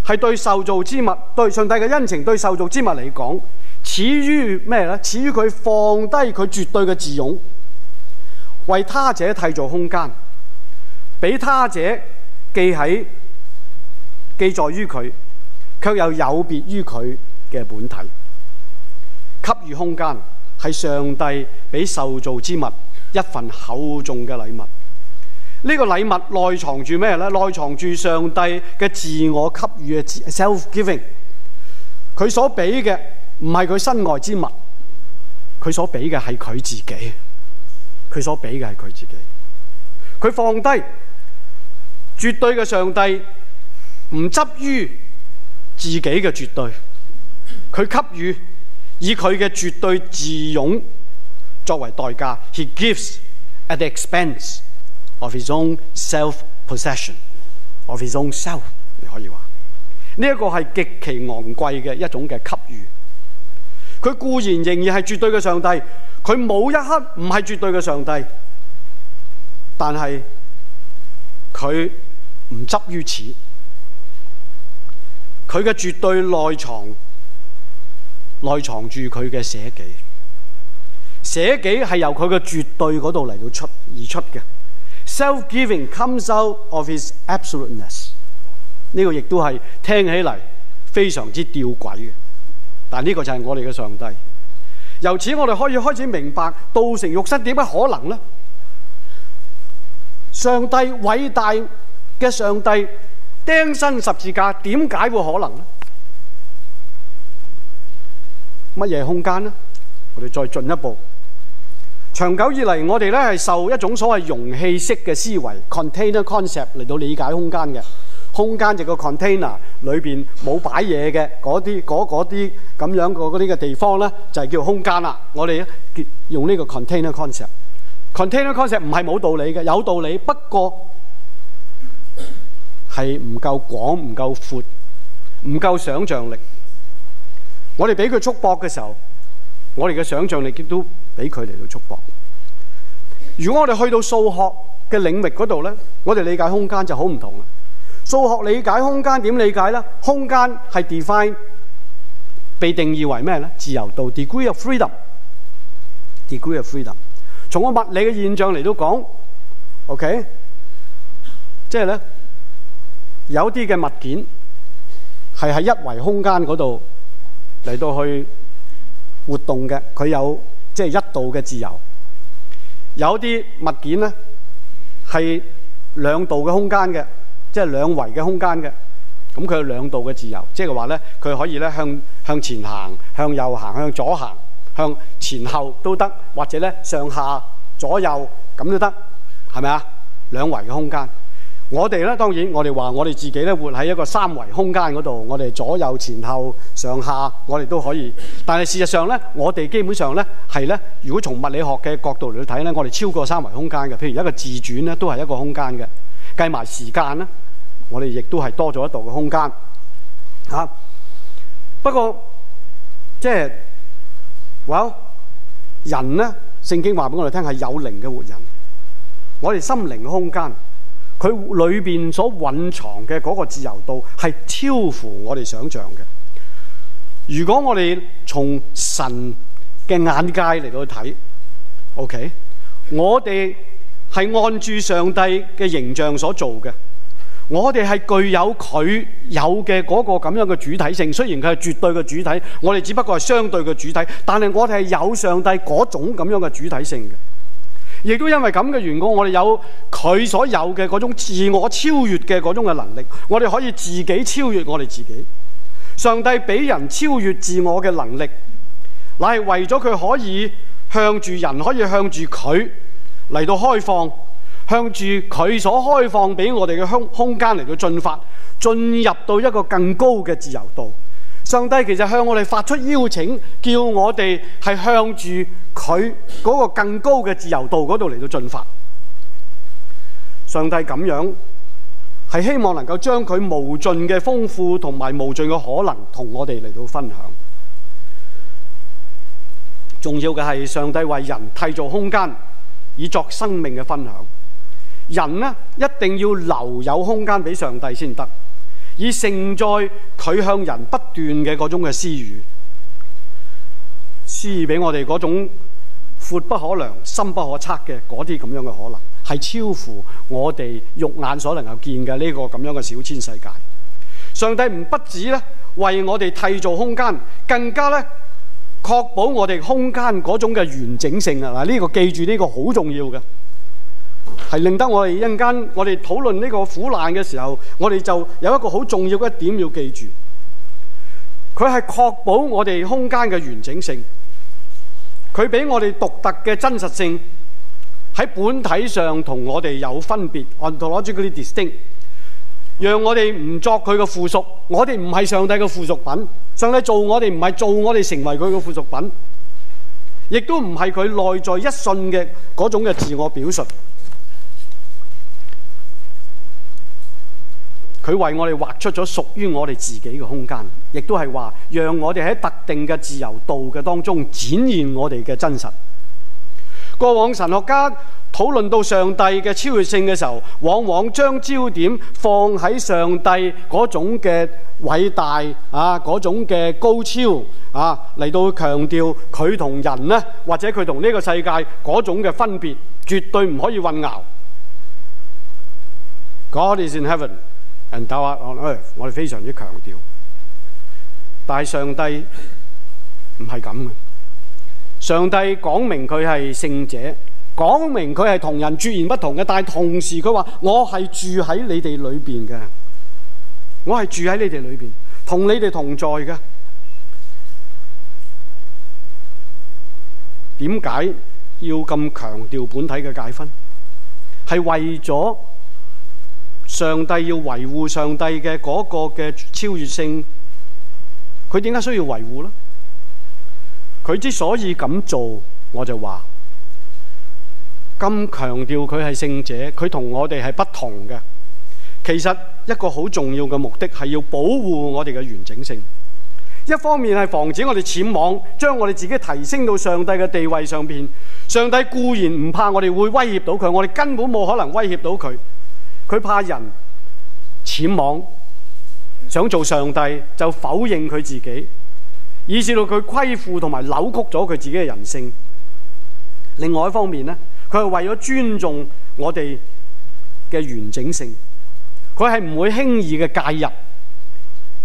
係對受造之物，對上帝嘅恩情對受造之物嚟講，始於咩咧？始於佢放低佢絕對嘅自容，為他者締造空間，俾他者記喺記在於佢。卻又有別於佢嘅本體，給予空間，係上帝畀受造之物一份厚重嘅禮物。呢個禮物內藏住咩呢？內藏住上帝嘅自我給予嘅 self giving。佢所畀嘅唔係佢身外之物，佢所畀嘅係佢自己。佢所畀嘅係佢自己。佢放低絕對嘅上帝，唔執於。自己嘅絕對，佢給予以佢嘅絕對自擁作為代價，He gives at the expense of his own self possession of his own self。你可以話呢一個係極其昂貴嘅一種嘅給予。佢固然仍然係絕對嘅上帝，佢冇一刻唔係絕對嘅上帝，但係佢唔執於此。佢嘅絕對內藏內藏住佢嘅捨己，捨己係由佢嘅絕對嗰度嚟到出而出嘅。Self giving comes out of his absoluteness。呢、這個亦都係聽起嚟非常之吊詭嘅，但呢個就係我哋嘅上帝。由此我哋可以開始明白道成肉身點解可能咧？上帝偉大嘅上帝。釘身十字架點解會可能咧？乜嘢空間咧？我哋再進一步。長久以嚟，我哋咧係受一種所謂容器式嘅思維 （container concept） 嚟到理解空間嘅。空間就個 container 裏邊冇擺嘢嘅嗰啲，嗰嗰啲咁樣嘅嗰啲嘅地方咧，就係叫空間啦。我哋用呢個 container concept。container concept 唔係冇道理嘅，有道理，不過，係唔夠廣、唔夠闊、唔夠想像力。我哋俾佢束縛嘅時候，我哋嘅想像力亦都俾佢嚟到束縛。如果我哋去到數學嘅領域嗰度咧，我哋理解空間就好唔同啦。數學理解空間點理解咧？空間係 define 被定義為咩咧？自由度，degree of freedom，degree of freedom。從個物理嘅現象嚟到講，OK，即係咧。有啲嘅物件係喺一維空間嗰度嚟到去活動嘅，佢有即係、就是、一度嘅自由；有啲物件咧係兩度嘅空間嘅，即、就、係、是、兩維嘅空間嘅。咁佢有兩度嘅自由，即係話咧，佢可以咧向向前行、向右行、向左行、向前後都得，或者咧上下左右咁都得，係咪啊？兩維嘅空間。我哋咧，當然我哋話我哋自己咧，活喺一個三維空間嗰度，我哋左右前後上下，我哋都可以。但係事實上咧，我哋基本上咧係咧，如果從物理學嘅角度嚟睇咧，我哋超過三維空間嘅。譬如一個自轉咧，都係一個空間嘅。計埋時間咧，我哋亦都係多咗一度嘅空間嚇。不過即係，哇！人咧，聖經話俾我哋聽係有靈嘅活人，我哋心靈嘅空間。佢裏邊所蘊藏嘅嗰個自由度係超乎我哋想象嘅。如果我哋從神嘅眼界嚟到睇，OK，我哋係按住上帝嘅形象所做嘅，我哋係具有佢有嘅嗰個咁樣嘅主體性。雖然佢係絕對嘅主體，我哋只不過係相對嘅主體，但係我哋係有上帝嗰種咁樣嘅主體性嘅。亦都因為噉嘅緣故，我哋有佢所有嘅嗰種自我超越嘅嗰種嘅能力，我哋可以自己超越我哋自己。上帝俾人超越自我嘅能力，乃係為咗佢可以向住人，可以向住佢嚟到開放，向住佢所開放俾我哋嘅空空間嚟到進發，進入到一個更高嘅自由度。上帝其實向我哋發出邀請，叫我哋係向住佢嗰個更高嘅自由度嗰度嚟到進發。上帝咁樣係希望能夠將佢無盡嘅豐富同埋無盡嘅可能同我哋嚟到分享。重要嘅係上帝為人締造空間，以作生命嘅分享。人呢，一定要留有空間畀上帝先得。以盛載佢向人不斷嘅嗰種嘅私語，私語俾我哋嗰種闊不可量、深不可測嘅嗰啲咁樣嘅可能，係超乎我哋肉眼所能夠見嘅呢、這個咁樣嘅小千世界。上帝唔不止咧為我哋締造空間，更加咧確保我哋空間嗰種嘅完整性啊！嗱、這個，呢個記住呢、這個好重要嘅。係令得我哋一陣間，我哋討論呢個苦難嘅時候，我哋就有一個好重要嘅一點要記住，佢係確保我哋空間嘅完整性。佢俾我哋獨特嘅真實性，喺本體上同我哋有分別。ontologically distinct，讓我哋唔作佢嘅附屬。我哋唔係上帝嘅附屬品，上帝做我哋唔係做我哋成為佢嘅附屬品，亦都唔係佢內在一信嘅嗰種嘅自我表述。佢為我哋畫出咗屬於我哋自己嘅空間，亦都係話，讓我哋喺特定嘅自由度嘅當中展現我哋嘅真實。過往神學家討論到上帝嘅超越性嘅時候，往往將焦點放喺上帝嗰種嘅偉大啊，嗰種嘅高超啊，嚟到強調佢同人呢，或者佢同呢個世界嗰種嘅分別，絕對唔可以混淆。God is in heaven. 人哋話，earth, 我我哋非常之強調，但係上帝唔係咁嘅。上帝講明佢係聖者，講明佢係同人截然不同嘅，但係同時佢話，我係住喺你哋裏邊嘅，我係住喺你哋裏邊，同你哋同在嘅。點解要咁強調本體嘅解分？係為咗。上帝要維護上帝嘅嗰個嘅超越性，佢點解需要維護呢？佢之所以咁做，我就話咁強調佢係聖者，佢同我哋係不同嘅。其實一個好重要嘅目的係要保護我哋嘅完整性。一方面係防止我哋僭妄，將我哋自己提升到上帝嘅地位上面。上帝固然唔怕我哋會威脅到佢，我哋根本冇可能威脅到佢。佢怕人僭妄，想做上帝就否認佢自己，以至到佢虧負同埋扭曲咗佢自己嘅人性。另外一方面咧，佢係為咗尊重我哋嘅完整性，佢係唔會輕易嘅介入，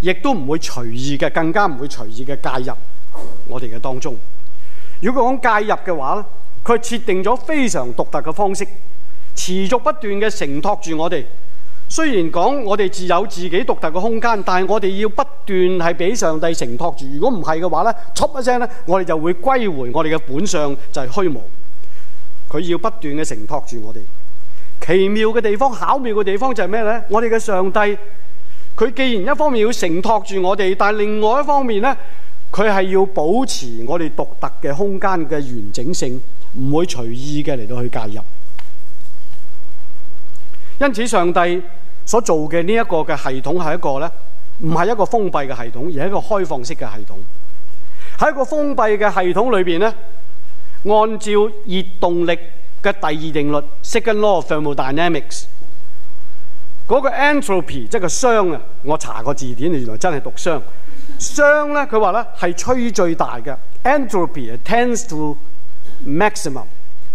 亦都唔會隨意嘅，更加唔會隨意嘅介入我哋嘅當中。如果講介入嘅話咧，佢設定咗非常獨特嘅方式。持續不斷嘅承托住我哋。雖然講我哋自有自己獨特嘅空間，但係我哋要不斷係俾上帝承托住。如果唔係嘅話呢，唰一聲呢，我哋就會歸回我哋嘅本相，就係虛無。佢要不斷嘅承托住我哋。奇妙嘅地方，巧妙嘅地方就係咩呢？我哋嘅上帝，佢既然一方面要承托住我哋，但係另外一方面呢，佢係要保持我哋獨特嘅空間嘅完整性，唔會隨意嘅嚟到去介入。因此，上帝所做嘅呢一個嘅系統係一個咧，唔係一個封閉嘅系統，而係一個開放式嘅系統。喺一個封閉嘅系統裏邊咧，按照熱動力嘅第二定律 s i c o n d Law of Thermodynamics），嗰個 entropy 即係個熵啊，我查個字典，原來真係讀熵。熵咧，佢話咧係趨最大嘅，entropy tends to maximum。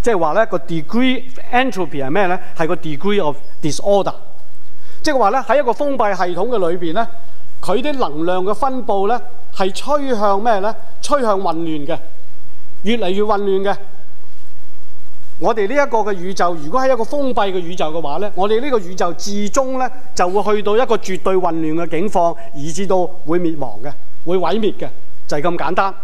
即係話咧，個 degree of entropy 係咩咧？係個 degree of disorder。即係話咧，喺一個封閉系統嘅裏邊咧，佢啲能量嘅分佈咧係趨向咩咧？趨向混亂嘅，越嚟越混亂嘅。我哋呢一個嘅宇宙，如果係一個封閉嘅宇宙嘅話咧，我哋呢個宇宙至終咧就會去到一個絕對混亂嘅境況，以至到會滅亡嘅，會毀滅嘅，就係咁簡單。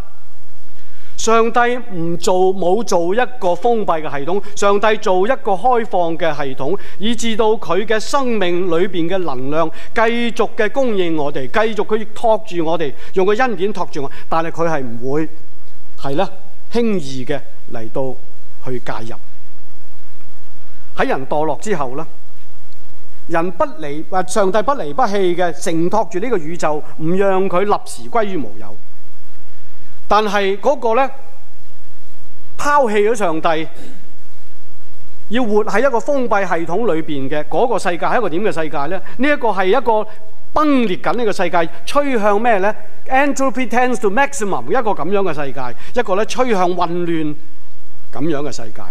上帝唔做冇做一個封閉嘅系統，上帝做一個開放嘅系統，以至到佢嘅生命裏邊嘅能量繼續嘅供應我哋，繼續佢托住我哋，用個恩典托住我，但係佢係唔會，係啦，輕易嘅嚟到去介入。喺人墮落之後咧，人不離，上帝不離不棄嘅承托住呢個宇宙，唔讓佢立時歸於無有。但係嗰個咧，拋棄咗上帝，要活喺一個封閉系統裏邊嘅嗰個世界，係一個點嘅世界咧？呢、這、一個係一個崩裂緊呢個世界，趨向咩咧？Entropy tends to maximum，一個咁樣嘅世界，一個咧趨向混亂咁樣嘅世界。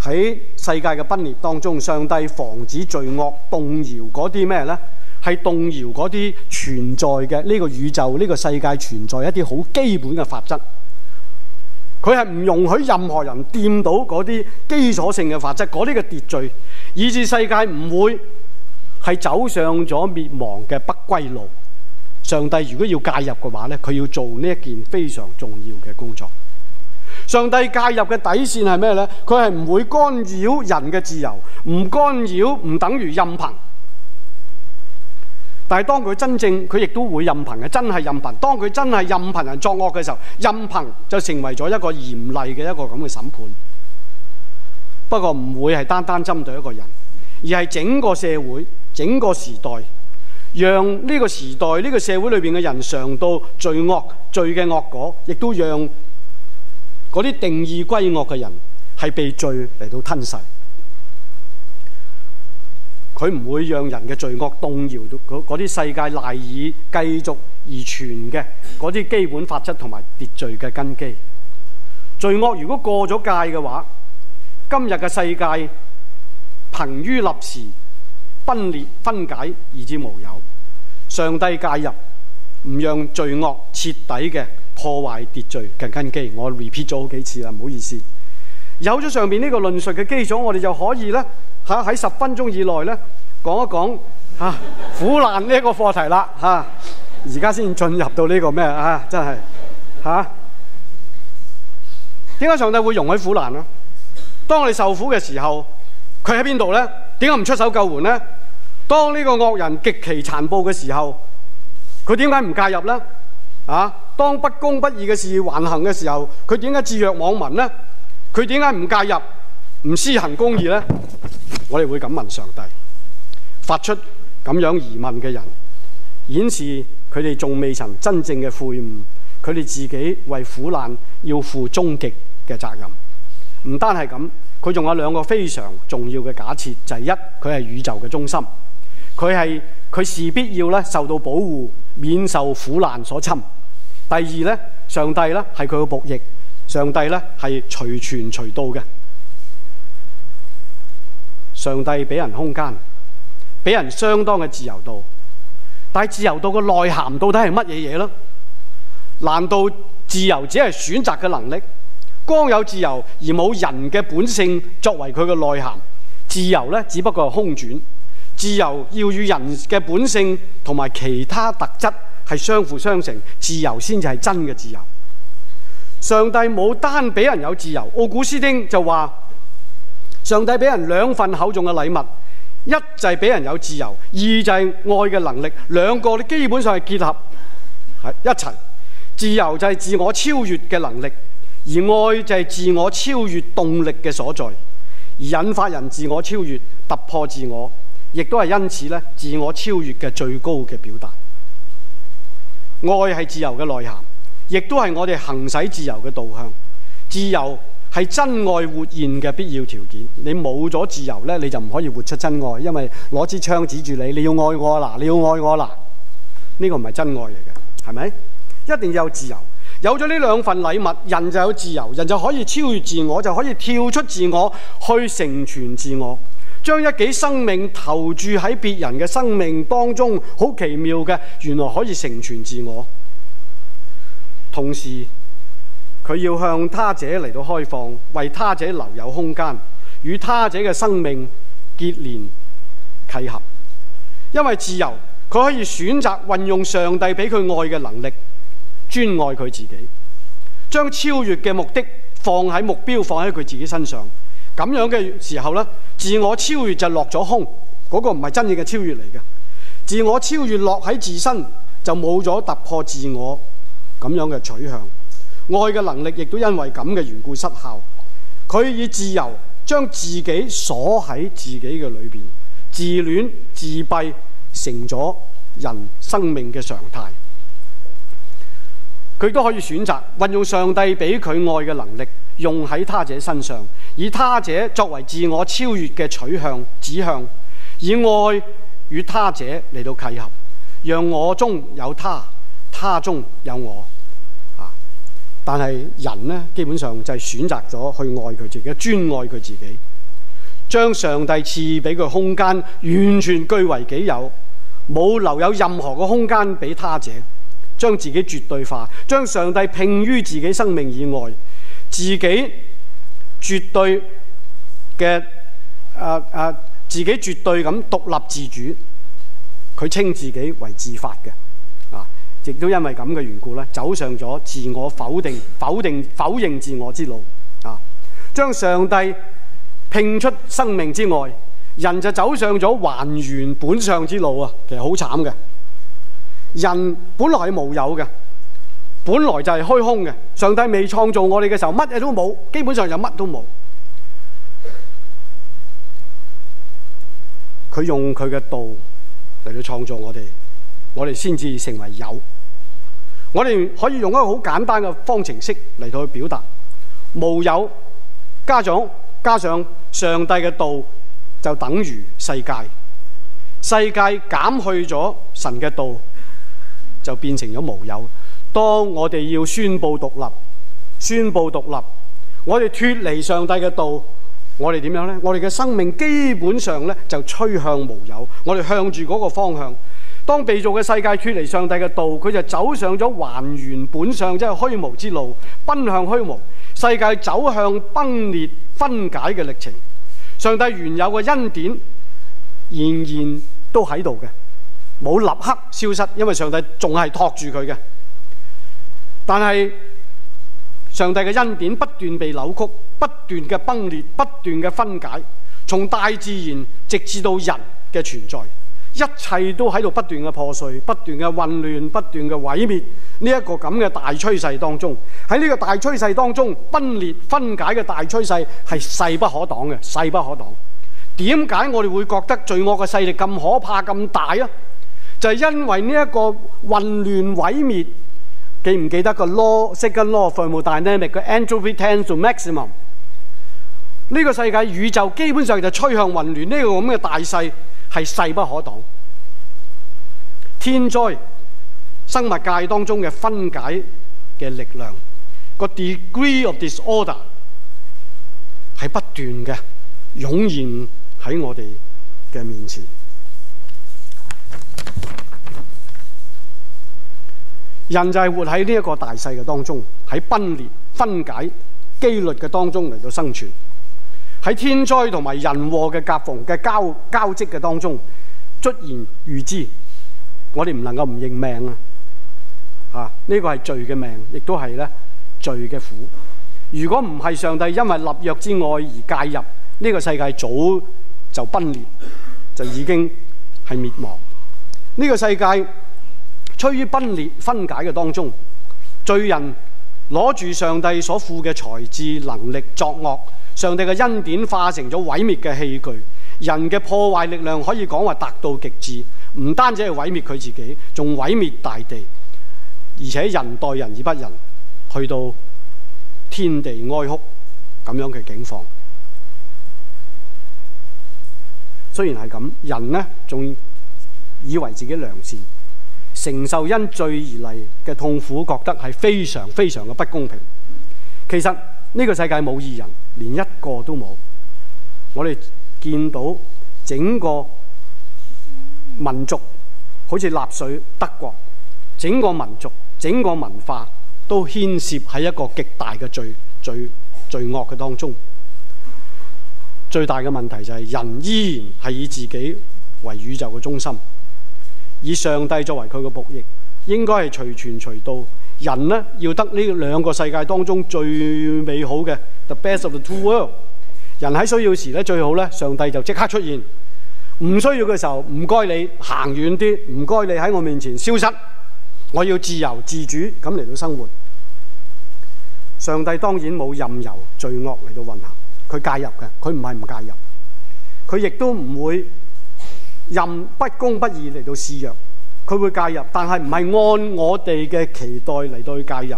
喺世界嘅崩裂當中，上帝防止罪惡動搖嗰啲咩咧？係動搖嗰啲存在嘅，呢個宇宙呢個世界存在一啲好基本嘅法則，佢係唔容許任何人掂到嗰啲基礎性嘅法則，嗰啲嘅秩序，以至世界唔會係走上咗滅亡嘅不歸路。上帝如果要介入嘅話呢，佢要做呢一件非常重要嘅工作。上帝介入嘅底線係咩呢？佢係唔會干擾人嘅自由，唔干擾唔等於任憑。但係當佢真正，佢亦都會任憑嘅，真係任憑。當佢真係任憑人作惡嘅時候，任憑就成為咗一個嚴厲嘅一個噉嘅審判。不過唔會係單單針對一個人，而係整個社會、整個時代，讓呢個時代、呢、呢個社會裏面嘅人嚐到罪惡罪嘅惡果，亦都讓嗰啲定義歸惡嘅人係被罪嚟到吞噬。佢唔會讓人嘅罪惡動搖到嗰啲世界賴以繼續而存嘅嗰啲基本法則同埋秩序嘅根基。罪惡如果過咗界嘅話，今日嘅世界瀕於立時分裂分解以至無有。上帝介入，唔讓罪惡徹底嘅破壞秩序嘅根基。我 repeat 咗好幾次啦，唔好意思。有咗上面呢個論述嘅基礎，我哋就可以咧嚇喺十分鐘以內咧講一講嚇、啊、苦難呢一個課題啦。吓而家先進入到呢、這個咩啊？真係吓點解上帝會容許苦難咧？當我哋受苦嘅時候，佢喺邊度咧？點解唔出手救援咧？當呢個惡人極其殘暴嘅時候，佢點解唔介入咧？啊，當不公不義嘅事橫行嘅時候，佢點解置若罔聞咧？佢點解唔介入、唔施行公義呢？我哋會咁問上帝，發出咁樣疑問嘅人，顯示佢哋仲未曾真正嘅悔悟，佢哋自己為苦難要負終極嘅責任。唔單係咁，佢仲有兩個非常重要嘅假設，就係一，佢係宇宙嘅中心，佢係佢事必要佢係必要咧受到保護、免受苦難所侵。第二咧，上帝咧係佢嘅僕役。上帝呢係隨傳隨到嘅，上帝俾人空間，俾人相當嘅自由度。但係自由度嘅內涵到底係乜嘢嘢呢？難道自由只係選擇嘅能力？光有自由而冇人嘅本性作為佢嘅內涵，自由呢，只不過係空轉。自由要與人嘅本性同埋其他特質係相輔相成，自由先至係真嘅自由。上帝冇單俾人有自由，奧古斯丁就話：上帝俾人兩份厚重嘅禮物，一就係俾人有自由，二就係愛嘅能力。兩個你基本上係結合一齊。自由就係自我超越嘅能力，而愛就係自我超越動力嘅所在，而引發人自我超越、突破自我，亦都係因此咧，自我超越嘅最高嘅表達。愛係自由嘅內涵。亦都係我哋行使自由嘅導向，自由係真愛活現嘅必要條件。你冇咗自由呢，你就唔可以活出真愛，因為攞支槍指住你，你要愛我啦，你要愛我啦！呢個唔係真愛嚟嘅，係咪？一定要有自由，有咗呢兩份禮物，人就有自由，人就可以超越自我，就可以跳出自我去成全自我，將一己生命投注喺別人嘅生命當中，好奇妙嘅，原來可以成全自我。同時，佢要向他者嚟到開放，為他者留有空間，與他者嘅生命結連契合。因為自由，佢可以選擇運用上帝俾佢愛嘅能力，專愛佢自己，將超越嘅目的放喺目標，放喺佢自己身上。咁樣嘅時候咧，自我超越就落咗空，嗰個唔係真正嘅超越嚟嘅。自我超越落喺自身，就冇咗突破自我。咁樣嘅取向，愛嘅能力亦都因為咁嘅緣故失效。佢以自由將自己鎖喺自己嘅裏面，自戀自閉成咗人生命嘅常態。佢都可以選擇運用上帝俾佢愛嘅能力，用喺他者身上，以他者作為自我超越嘅取向指向，以愛與他者嚟到契合，讓我中有他。他中有我啊，但係人呢，基本上就係選擇咗去愛佢自己，專愛佢自己，將上帝賜俾佢空間，完全據為己有，冇留有任何嘅空間俾他者，將自己絕對化，將上帝摒於自己生命以外，自己絕對嘅誒誒，自己絕對咁獨立自主，佢稱自己為自發嘅。亦都因為咁嘅緣故咧，走上咗自我否定、否定、否認自我之路啊！將上帝拼出生命之外，人就走上咗還原本相之路啊！其實好慘嘅，人本來係無有嘅，本來就係虛空嘅。上帝未創造我哋嘅時候，乜嘢都冇，基本上就乜都冇。佢用佢嘅道嚟到創造我哋，我哋先至成為有。我哋可以用一個好簡單嘅方程式嚟到去表達無有加上，加上上帝嘅道就等於世界，世界減去咗神嘅道就變成咗無有。當我哋要宣佈獨立，宣佈獨立，我哋脱離上帝嘅道，我哋點樣呢？我哋嘅生命基本上呢就趨向無有，我哋向住嗰個方向。當被造嘅世界脫離上帝嘅道，佢就走上咗還原本相即係虛無之路，奔向虛無。世界走向崩裂、分解嘅歷程。上帝原有嘅恩典仍然都喺度嘅，冇立刻消失，因為上帝仲係托住佢嘅。但係上帝嘅恩典不斷被扭曲，不斷嘅崩裂，不斷嘅分解，從大自然直至到人嘅存在。一切都喺度不斷嘅破碎、不斷嘅混亂、不斷嘅毀滅呢一、這個咁嘅大趨勢當中，喺呢個大趨勢當中，分裂分解嘅大趨勢係勢不可擋嘅，勢不可擋。點解我哋會覺得罪惡嘅勢力咁可怕、咁大啊？就係、是、因為呢一個混亂毀滅，記唔記得個 law second law of thermodynamics 嘅 the entropy tends to maximum？呢個世界宇宙基本上就趨向混亂呢、這個咁嘅大勢。係勢不可擋，天災生物界當中嘅分解嘅力量，個 degree of disorder 係不斷嘅湧現喺我哋嘅面前。人就係活喺呢一個大勢嘅當中，喺崩裂、分解、機率嘅當中嚟到生存。喺天災同埋人禍嘅夾縫嘅交交織嘅當中，卒然遇之，我哋唔能夠唔認命啊！啊，呢個係罪嘅命，亦都係咧罪嘅苦。如果唔係上帝因為立約之愛而介入呢個世界，早就崩裂，就已經係滅亡。呢個世界趨於崩裂分解嘅當中，罪人。攞住上帝所賦嘅才智能力作惡，上帝嘅恩典化成咗毀滅嘅器具，人嘅破壞力量可以講話達到極致，唔單止係毀滅佢自己，仲毀滅大地，而且人待人而不仁，去到天地哀哭咁樣嘅境況。雖然係咁，人呢仲以為自己良善。承受因罪而嚟嘅痛苦，覺得係非常非常嘅不公平。其實，呢個世界冇義人，連一個都冇。我哋見到整個民族好似納粹德國，整個民族，整個文化都牽涉喺一個極大嘅罪，罪，罪惡嘅當中。最大嘅問題就係人依然係以自己為宇宙嘅中心。以上帝作為佢個僕役，應該係隨傳隨到。人呢，要得呢兩個世界當中最美好嘅，the best of the two world。人喺需要時咧最好咧，上帝就即刻出現。唔需要嘅時候，唔該你行遠啲，唔該你喺我面前消失。我要自由自主咁嚟到生活。上帝當然冇任由罪惡嚟到運行，佢介入嘅，佢唔係唔介入，佢亦都唔會。任不公不義嚟到肆虐，佢會介入，但係唔係按我哋嘅期待嚟到介入。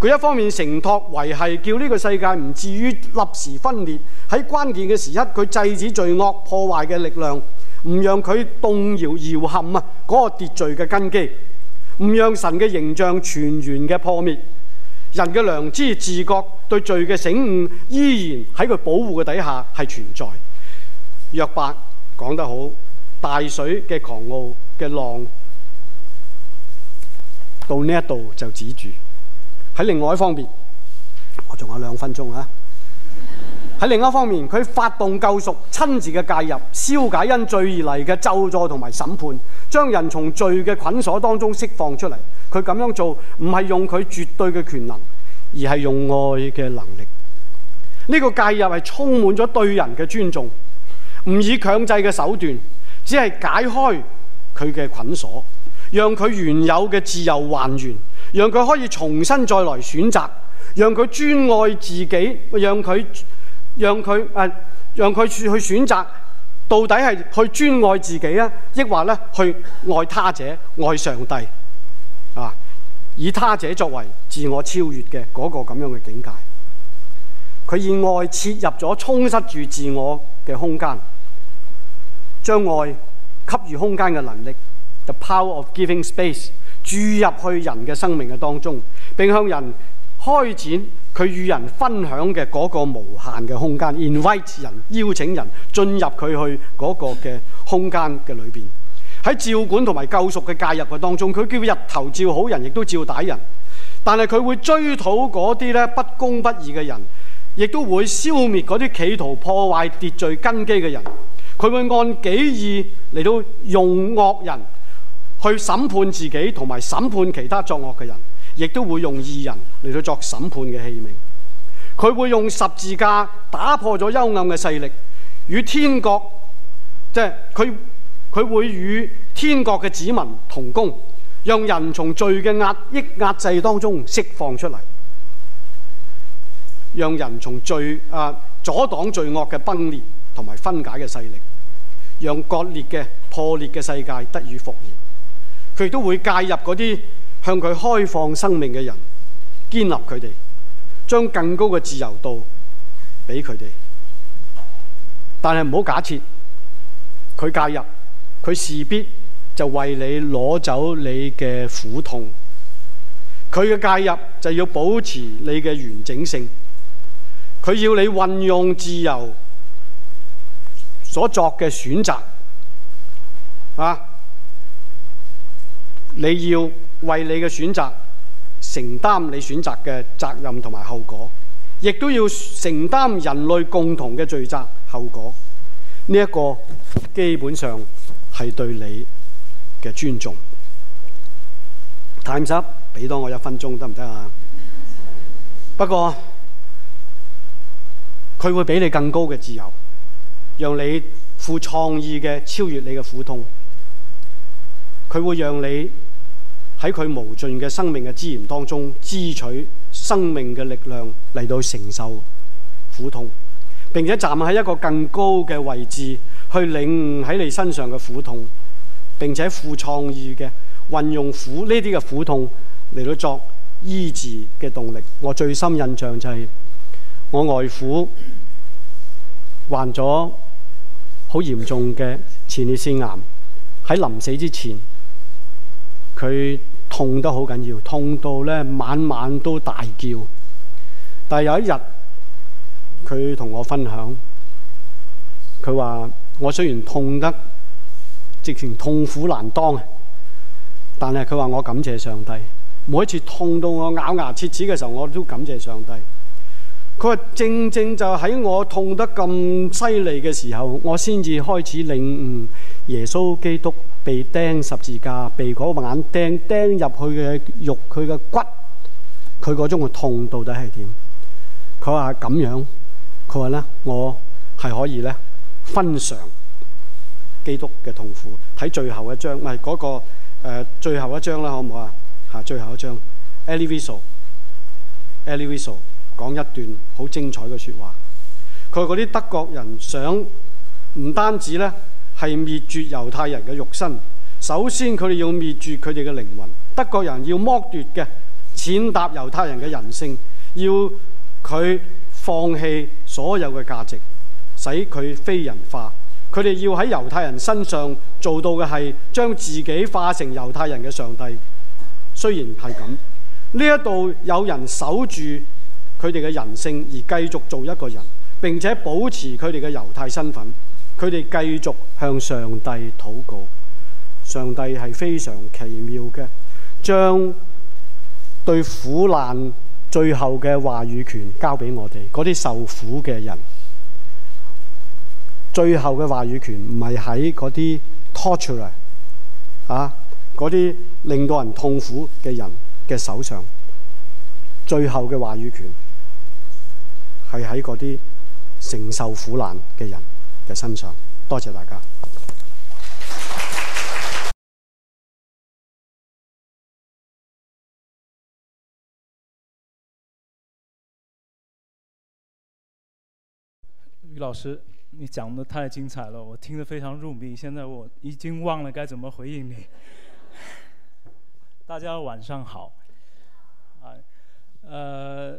佢一方面承托維，維係叫呢個世界唔至於立時分裂。喺關鍵嘅時刻，佢制止罪惡破壞嘅力量，唔讓佢動搖搖撼啊嗰個秩序嘅根基，唔讓神嘅形象完全嘅破滅。人嘅良知自覺對罪嘅醒悟，依然喺佢保護嘅底下係存在。約伯講得好。大水嘅狂傲嘅浪到呢一度就止住。喺另外一方面，我仲有兩分鐘吓。喺 [laughs] 另一方面，佢發動救贖，親自嘅介入消解因罪而嚟嘅咒詛同埋審判，將人從罪嘅捆鎖當中釋放出嚟。佢咁樣做唔係用佢絕對嘅權能，而係用愛嘅能力。呢個介入係充滿咗對人嘅尊重，唔以強制嘅手段。只係解開佢嘅捆鎖，讓佢原有嘅自由還原，讓佢可以重新再來選擇，讓佢專愛自己，讓佢讓佢誒，讓佢、啊、去選擇到底係去專愛自己啊，抑或咧去愛他者、愛上帝啊，以他者作為自我超越嘅嗰個咁樣嘅境界。佢以愛切入咗，充塞住自我嘅空間。將愛給予空間嘅能力，the power of giving space，注入去人嘅生命嘅當中，並向人開展佢與人分享嘅嗰個無限嘅空間，invite 人、邀請人進入佢去嗰個嘅空間嘅裏邊。喺照管同埋救贖嘅介入嘅當中，佢叫日頭照好人，亦都照歹人，但係佢會追討嗰啲咧不公不義嘅人，亦都會消滅嗰啲企圖破壞秩序根基嘅人。佢會按己意嚟到用惡人去審判自己，同埋審判其他作惡嘅人，亦都會用義人嚟到作審判嘅器皿。佢會用十字架打破咗幽暗嘅勢力，與天國，即係佢佢會與天國嘅子民同工，讓人從罪嘅壓抑壓制當中釋放出嚟，讓人從罪啊阻擋罪惡嘅崩裂同埋分解嘅勢力。讓割裂嘅、破裂嘅世界得以復原，佢亦都會介入嗰啲向佢開放生命嘅人，建立佢哋，將更高嘅自由度俾佢哋。但係唔好假設佢介入，佢勢必就為你攞走你嘅苦痛。佢嘅介入就要保持你嘅完整性，佢要你運用自由。所作嘅選擇啊，你要為你嘅選擇承擔你選擇嘅責任同埋後果，亦都要承擔人類共同嘅罪責後果。呢一個基本上係對你嘅尊重。Time up，俾多我一分鐘得唔得啊？不過佢會俾你更高嘅自由。讓你富創意嘅超越你嘅苦痛，佢會讓你喺佢無盡嘅生命嘅資源當中，汲取生命嘅力量嚟到承受苦痛，並且站喺一個更高嘅位置去領悟喺你身上嘅苦痛，並且富創意嘅運用苦呢啲嘅苦痛嚟到作醫治嘅動力。我最深印象就係我外父患咗。好嚴重嘅前列腺癌，喺臨死之前，佢痛得好緊要，痛到咧晚晚都大叫。但係有一日，佢同我分享，佢話：我雖然痛得直情痛苦難當啊，但係佢話我感謝上帝，每一次痛到我咬牙切齒嘅時候，我都感謝上帝。佢話：正正就喺我痛得咁犀利嘅時候，我先至開始領悟耶穌基督被釘十字架、被嗰個眼釘釘入去嘅肉、佢嘅骨、佢嗰種嘅痛到底係點？佢話咁樣，佢話咧，我係可以咧分嘗基督嘅痛苦。睇最後一章，唔係嗰個誒最後一章啦，好唔好啊？嚇，最後一章，Elie Wiesel，Elie Wiesel。講一段好精彩嘅說話。佢嗰啲德國人想，唔單止咧，係滅絕猶太人嘅肉身，首先佢哋要滅絕佢哋嘅靈魂。德國人要剝奪嘅，踐踏猶太人嘅人性，要佢放棄所有嘅價值，使佢非人化。佢哋要喺猶太人身上做到嘅係將自己化成猶太人嘅上帝。雖然係咁，呢一度有人守住。佢哋嘅人性而繼續做一個人，並且保持佢哋嘅猶太身份。佢哋繼續向上帝禱告。上帝係非常奇妙嘅，將對苦難最後嘅話語權交俾我哋嗰啲受苦嘅人。最後嘅話語權唔係喺嗰啲 torturer，啊，嗰啲令到人痛苦嘅人嘅手上，最後嘅話語權。係喺嗰啲承受苦難嘅人嘅身上。多謝大家。余老師，你講得太精彩了，我聽得非常入迷。現在我已經忘了該怎麼回應你。大家晚上好。啊，呃。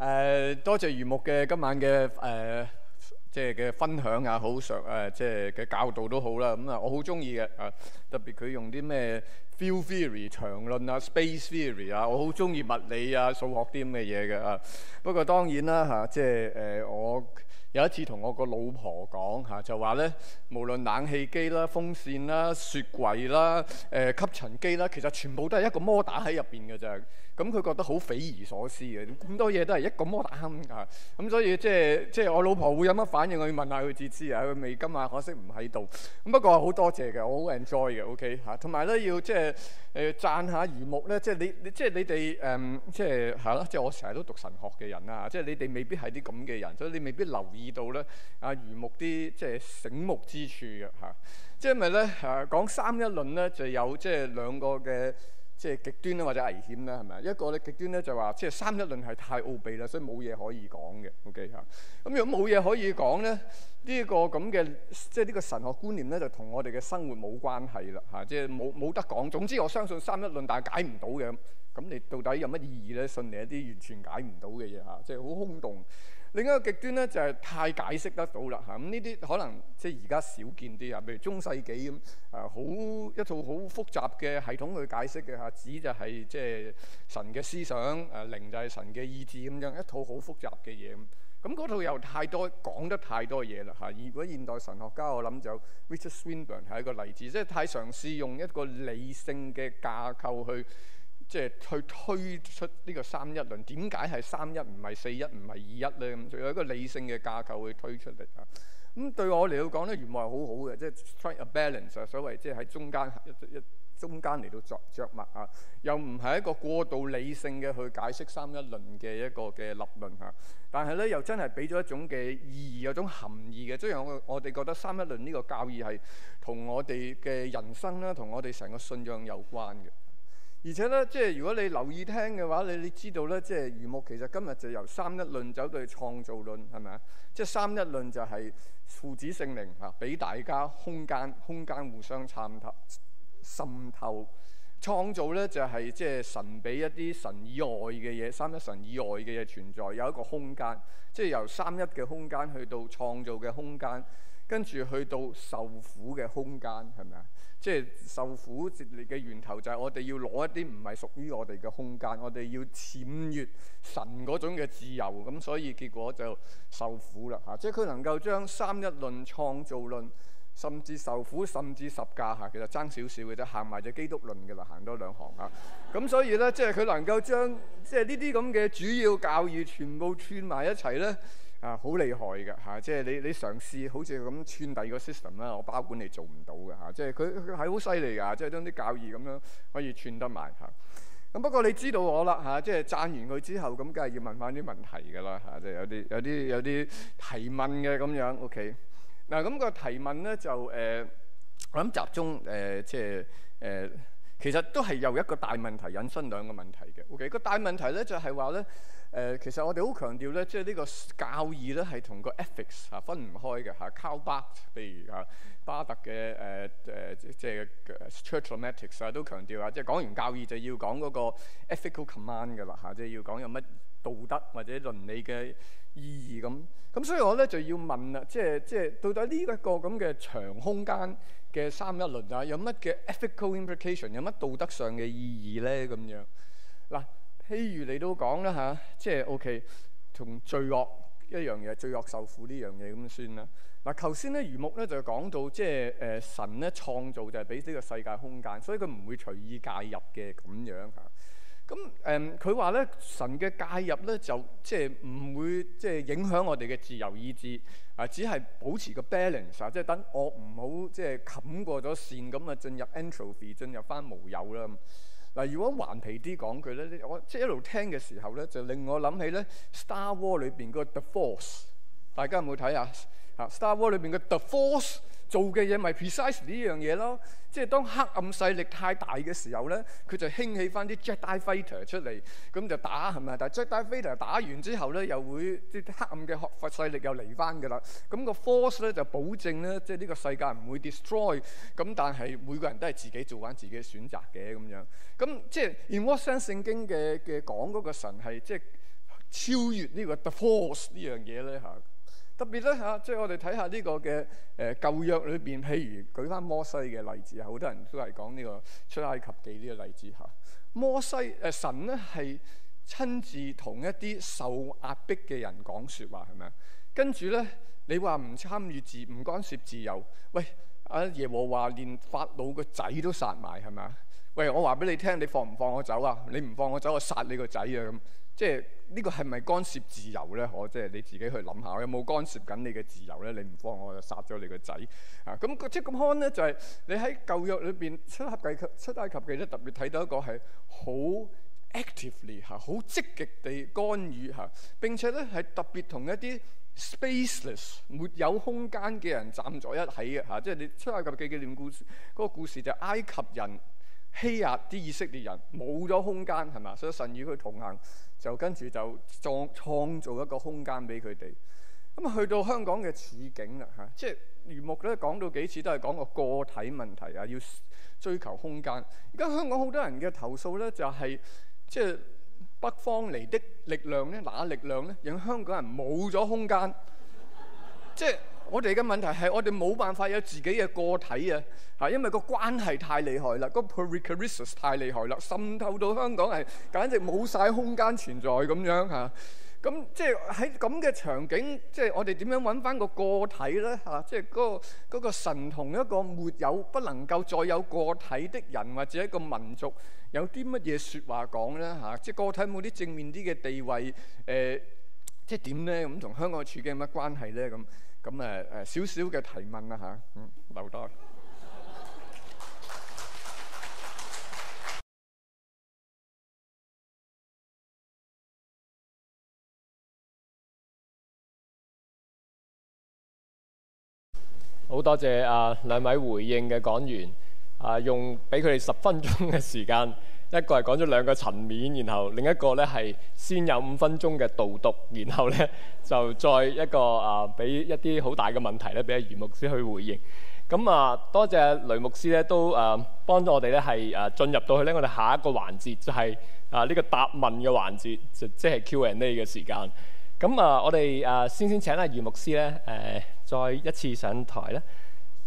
誒、呃、多謝余木嘅今晚嘅誒，即係嘅分享、啊好啊就是、的也好上誒，即係嘅教導都好啦。咁啊，我好中意嘅啊，特別佢用啲咩 field theory、場論啊、space theory 啊，我好中意物理啊、數學啲咁嘅嘢嘅啊。不過當然啦嚇，即係誒，我有一次同我個老婆講嚇、啊，就話咧，無論冷氣機啦、風扇啦、雪櫃啦、誒、啊、吸塵機啦，其實全部都係一個摩打喺入邊嘅啫。咁佢覺得好匪夷所思嘅，咁多嘢都係一個模樣嚇，咁、啊、所以即係即係我老婆會有乜反應，我要問下佢至知啊，佢未今晚，可惜唔喺度。咁不過好多謝嘅，我好 enjoy 嘅，OK 嚇、啊。同埋咧要即係誒讚下余牧咧，即、就、係、是、你即係你哋誒即係係咯，即、就、係、是呃就是啊就是、我成日都讀神學嘅人啊。即、就、係、是、你哋未必係啲咁嘅人，所以你未必留意到咧啊余牧啲即係醒目之處嚇。即係咪咧嚇講三一論咧就有即係兩個嘅。即係極端啦，或者危險啦，係咪？一個咧極端咧就話、是，即係三一論係太奧秘啦，所以冇嘢可以講嘅。OK 嚇，咁如果冇嘢可以講咧，呢、呢個咁嘅即係呢個神學觀念咧，就同我哋嘅生活冇關係啦。嚇，即係冇冇得講。總之，我相信三一論，但係解唔到嘅。咁你到底有乜意義咧？信你一啲完全解唔到嘅嘢嚇，即係好空洞。另一個極端咧就係太解釋得到啦嚇，咁呢啲可能即係而家少見啲啊，譬如中世紀咁啊，好一套好複雜嘅系統去解釋嘅嚇，子就係即係神嘅思想，誒靈就係神嘅意志咁樣，一套好複雜嘅嘢咁。咁嗰套又太多講得太多嘢啦嚇。如果現代神學家，我諗就 Richard Swinburne 係一個例子，即係太嘗試用一個理性嘅架構去。即係去推出呢個三一論，點解係三一唔係四一唔係二一咧？咁仲有一個理性嘅架構去推出嚟啊！咁對我嚟講咧，原來係好好嘅，即係 try a balance，所謂即係喺中間一中間嚟到作着墨啊！又唔係一個過度理性嘅去解釋三一論嘅一個嘅立論啊！但係咧，又真係俾咗一種嘅意義、一種含義嘅。即係我我哋覺得三一論呢個教義係同我哋嘅人生啦，同我哋成個信仰有關嘅。而且咧，即係如果你留意聽嘅話，你你知道咧，即係預木。其實今日就由三一論走到去創造論係咪啊？即係三一論就係父子聖靈啊，俾大家空間，空間互相參透、滲透創造咧，就係即係神俾一啲神以外嘅嘢，三一神以外嘅嘢存在有一個空間，即係由三一嘅空間去到創造嘅空間，跟住去到受苦嘅空間係咪啊？即係受苦接力嘅源頭就係我哋要攞一啲唔係屬於我哋嘅空間，我哋要僭越神嗰種嘅自由，咁所以結果就受苦啦吓，即係佢能夠將三一論、創造論，甚至受苦，甚至十架吓，其實爭少少嘅啫，行埋咗基督論嘅啦，行多兩行吓咁所以咧，即係佢能夠將即係呢啲咁嘅主要教義全部串埋一齊咧。啊，好厲害㗎嚇、啊！即係你你嘗試好似咁串第二個 system 啦，我包管你做唔到㗎嚇、啊！即係佢佢係好犀利㗎，即係將啲教義咁樣可以串得埋嚇。咁、啊、不過你知道我啦嚇、啊，即係讚完佢之後，咁梗係要問翻啲問題㗎啦嚇，即係有啲有啲有啲提問嘅咁樣。OK，嗱咁個提問咧就誒、呃，我諗集中誒、呃、即係誒。呃其實都係由一個大問題引申兩個問題嘅，OK？個大問題咧就係話咧，誒、呃，其實我哋好強調咧，即係呢個教義咧係同個 ethics 嚇分唔開嘅嚇。Karl Barth，譬如嚇巴特嘅誒誒，即係 Church Dogmatics 啊，都強調啊，即係講完教義就要講嗰個 ethical command 嘅啦嚇，即係要講有乜道德或者倫理嘅，意義咁咁，所以我咧就要問啦，即係即係到底呢一個咁嘅長空間嘅三一論啊，有乜嘅 ethical implication，有乜道德上嘅意義咧？咁樣。嗱，譬如你都講啦吓，即係 OK，同罪惡一樣嘢，罪惡受苦呢樣嘢咁算啦。嗱，頭先咧，余牧咧就講到即係誒神咧創造就係俾呢個世界空間，所以佢唔會隨意介入嘅咁樣嚇。咁誒，佢話咧神嘅介入咧就即係唔會即係、就是、影響我哋嘅自由意志啊，只係保持個 balance 啊，即係等我唔好即係冚過咗線咁啊，進入 entropy 進入翻無有啦。嗱、啊，如果頑皮啲講句咧，我即係一路聽嘅時候咧，就令我諗起咧 Star Wars 裏邊個 The Force，大家有冇睇下嚇，Star Wars 裏邊嘅 The Force。做嘅嘢咪 precise 呢樣嘢咯，即係當黑暗勢力太大嘅時候咧，佢就興起翻啲 Jedi fighter 出嚟，咁就打係咪？但係 Jedi fighter 打完之後咧，又會即啲黑暗嘅學勢力又嚟翻㗎啦。咁個 force 咧就保證咧，即係呢個世界唔會 destroy。咁但係每個人都係自己做翻自己選擇嘅咁樣，咁即係 In What Sense 聖經嘅嘅講嗰個神係，即係超越呢個 the force 個呢樣嘢咧吓。特別咧嚇，即係我哋睇下呢個嘅誒舊約裏邊，譬如舉翻摩西嘅例子啊，好多人都係講呢個出埃及記呢個例子嚇。摩西誒、呃、神咧，係親自同一啲受壓迫嘅人講説話係咪啊？跟住咧，你話唔參與自唔干涉自由，喂阿耶和華連法老個仔都殺埋係咪啊？是喂！我話俾你聽，你放唔放我走啊？你唔放我走，我殺你個仔啊！咁即係呢、這個係咪干涉自由呢？我即係你自己去諗下，有冇干涉緊你嘅自由呢？你唔放我，就殺咗你個仔啊！咁即咁看呢，就係、是、你喺舊約裏邊出埃及、出埃及記咧，特別睇到一個係好 actively 嚇、啊、好積極地干預嚇、啊，並且呢係特別同一啲 spaceless 沒有空間嘅人站在一起嘅嚇、啊。即係你出埃及記嘅故事，嗰、那個故事就埃及人。欺壓啲以色列人，冇咗空間係嘛？所以神與佢同行，就跟住就創創造一個空間俾佢哋。咁啊，去到香港嘅處境，啦、啊、嚇，即係余牧咧講到幾次都係講個個體問題啊，要追求空間。而家香港好多人嘅投訴咧就係、是，即、就、係、是、北方嚟的力量咧，嗱力量咧，令香港人冇咗空間。 [laughs] 即係。我哋嘅問題係，我哋冇辦法有自己嘅個體啊！嚇，因為個關係太厲害啦，個 perichoresis 太厲害啦，滲透到香港係簡直冇晒空間存在咁樣嚇。咁即係喺咁嘅場景，即係我哋點樣揾翻個個體咧嚇？即係嗰個嗰個神同一個沒有、不能夠再有個體的人或者一個民族，有啲乜嘢説話講咧嚇？即係個體有冇啲正面啲嘅地位？誒，即係點咧？咁同香港處境有乜關係咧？咁？咁誒，少少嘅提問啦，吓，嗯，留待好多謝啊兩位回應嘅講員啊，用俾佢哋十分鐘嘅時間。一個係講咗兩個層面，然後另一個咧係先有五分鐘嘅導讀，然後咧就再一個啊，俾、呃、一啲好大嘅問題咧，俾阿余牧師去回應。咁啊，多謝雷牧師咧，都啊幫助我哋咧係啊進入到去咧，我哋下一個環節就係啊呢個答問嘅環節，就即、是、係 Q&A 嘅時間。咁啊，我哋啊、呃、先先請阿余牧師咧，誒、呃、再一次上台咧。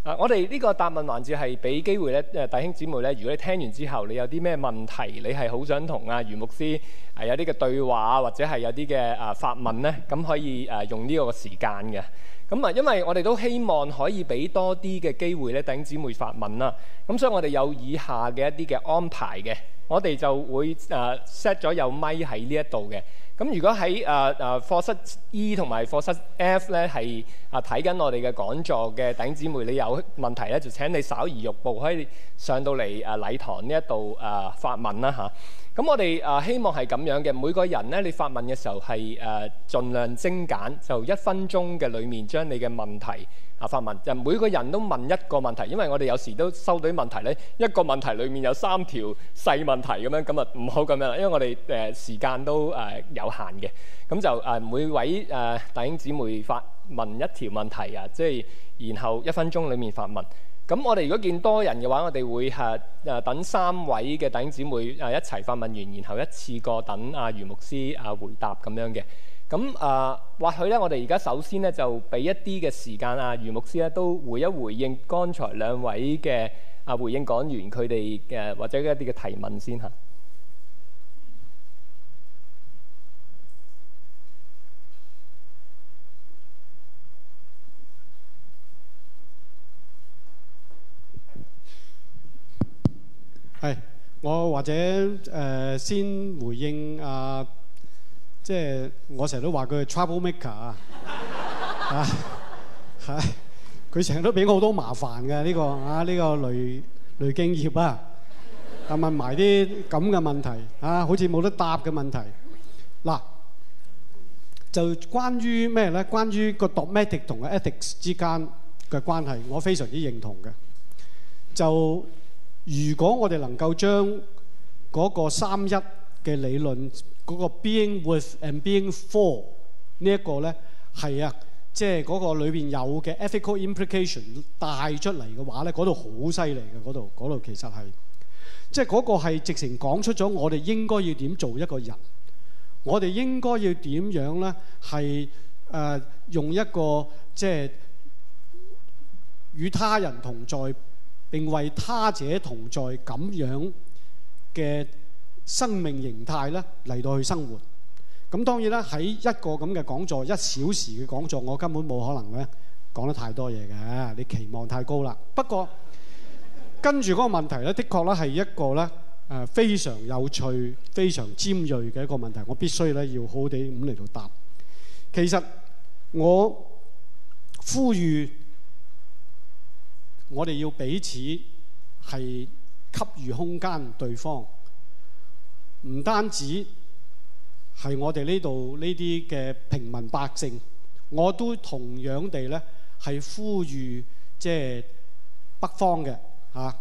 啊！我哋呢個答問環節係俾機會咧誒弟兄姊妹咧。如果你聽完之後，你有啲咩問題，你係好想同阿余牧師係、啊、有啲嘅對話，或者係有啲嘅啊發問咧，咁可以誒、啊、用呢個時間嘅咁啊。因為我哋都希望可以俾多啲嘅機會咧，弟兄姊妹發問啦。咁所以我哋有以下嘅一啲嘅安排嘅，我哋就會誒 set 咗有咪喺呢一度嘅。咁如果喺誒誒課室 E 同埋課室 F 咧，係啊睇緊我哋嘅講座嘅頂姊妹，你有問題咧，就請你稍移玉步可以上到嚟誒禮堂呢一度誒發問啦嚇。咁我哋誒希望係咁樣嘅，每個人咧，你發問嘅時候係誒盡量精簡，就一分鐘嘅裡面將你嘅問題，發問，就每個人都問一個問題，因為我哋有時都收到啲問題咧，一個問題裡面有三條細問題咁樣，咁啊唔好咁樣啦，因為我哋誒時間都誒有限嘅，咁就誒每位誒弟兄姊妹發問一條問題啊，即係然後一分鐘裡面發問。咁我哋如果見多人嘅話，我哋會誒誒等三位嘅弟兄姊妹誒一齊發問完，然後一次過等阿余牧師誒回答咁樣嘅。咁啊，或許咧，我哋而家首先咧，就俾一啲嘅時間啊，余牧師咧，都回一回應剛才兩位嘅啊回應講員佢哋嘅或者一啲嘅提問先嚇。係，我或者誒先回應啊。即係我成日都話佢係 trouble maker 啊，係嘛？係佢成日都俾我好多麻煩㗎。呢個啊，呢個雷雷競業啊，又問埋啲咁嘅問題啊，好似冇得答嘅問題。嗱，就關於咩咧？關於個 domestic 同個 ethics 之間嘅關係，我非常之認同嘅。就如果我哋能夠將嗰個三一嘅理論嗰個 being with and being for 呢一個呢，係啊，即係嗰個裏邊有嘅 ethical implication 帶出嚟嘅話呢，嗰度好犀利嘅嗰度，嗰度其實係即係嗰個係直情講出咗我哋應該要點做一個人，我哋應該要點樣呢？係誒用一個即係與他人同在並為他者同在咁樣嘅生命形態咧嚟到去生活，咁當然啦，喺一個咁嘅講座一小時嘅講座，我根本冇可能咧講得太多嘢嘅，你期望太高啦。不過 [laughs] 跟住嗰個問題咧，的確咧係一個咧誒、呃、非常有趣、非常尖銳嘅一個問題，我必須咧要好地咁嚟到答。其實我呼籲我哋要彼此係給予空間對方。唔單止係我哋呢度呢啲嘅平民百姓，我都同樣地咧係呼籲，即係北方嘅嚇，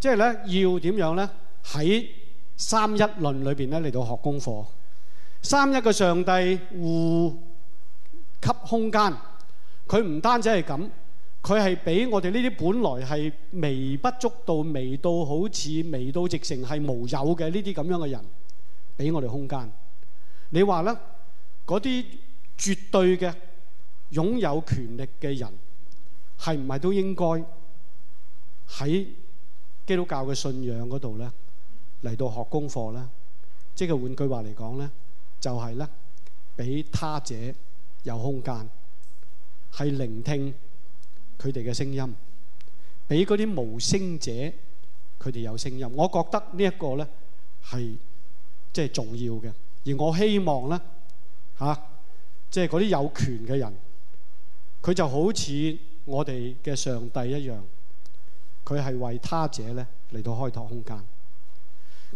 即係咧要點樣咧喺三一論裏邊咧嚟到學功課。三一嘅上帝互給空間，佢唔單止係咁。佢係俾我哋呢啲本來係微不足道、微到好似微到直情係無有嘅呢啲咁樣嘅人，俾我哋空間。你話咧，嗰啲絕對嘅擁有權力嘅人係唔係都應該喺基督教嘅信仰嗰度咧嚟到學功課咧？即係換句話嚟講咧，就係咧俾他者有空間係聆聽。佢哋嘅聲音，俾嗰啲無聲者，佢哋有聲音。我覺得呢一個咧係即係重要嘅，而我希望咧嚇，即係嗰啲有權嘅人，佢就好似我哋嘅上帝一樣，佢係為他者咧嚟到開拓空間。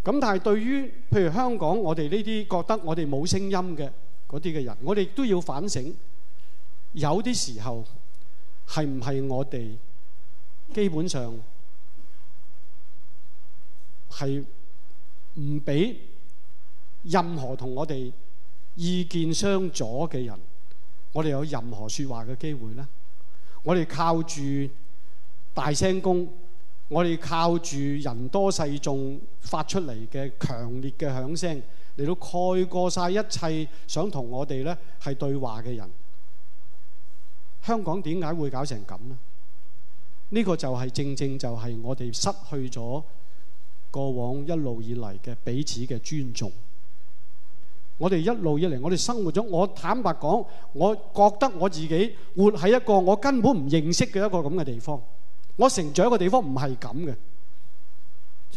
咁但係對於譬如香港，我哋呢啲覺得我哋冇聲音嘅嗰啲嘅人，我哋都要反省，有啲時候。係唔係我哋基本上係唔俾任何同我哋意見相左嘅人，我哋有任何説話嘅機會呢？我哋靠住大聲公，我哋靠住人多勢眾發出嚟嘅強烈嘅響聲，嚟到蓋過晒一切想同我哋呢係對話嘅人。香港點解會搞成咁咧？呢個就係正正就係我哋失去咗過往一路以嚟嘅彼此嘅尊重。我哋一路以嚟，我哋生活中。我坦白講，我覺得我自己活喺一個我根本唔認識嘅一個咁嘅地方。我成長一個地方唔係咁嘅，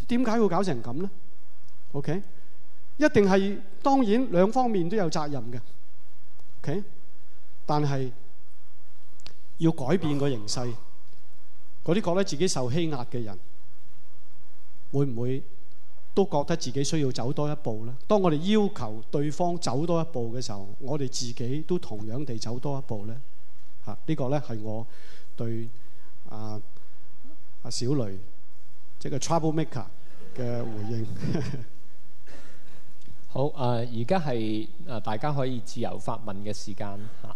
點解會搞成咁咧？OK，一定係當然兩方面都有責任嘅。OK，但係。要改變個形勢，嗰啲覺得自己受欺壓嘅人，會唔會都覺得自己需要走多一步咧？當我哋要求對方走多一步嘅時候，我哋自己都同樣地走多一步咧？嚇，呢個咧係我對啊啊小雷，即係個 Trouble Maker 嘅回應。好啊，而家係啊大家可以自由發問嘅時間嚇。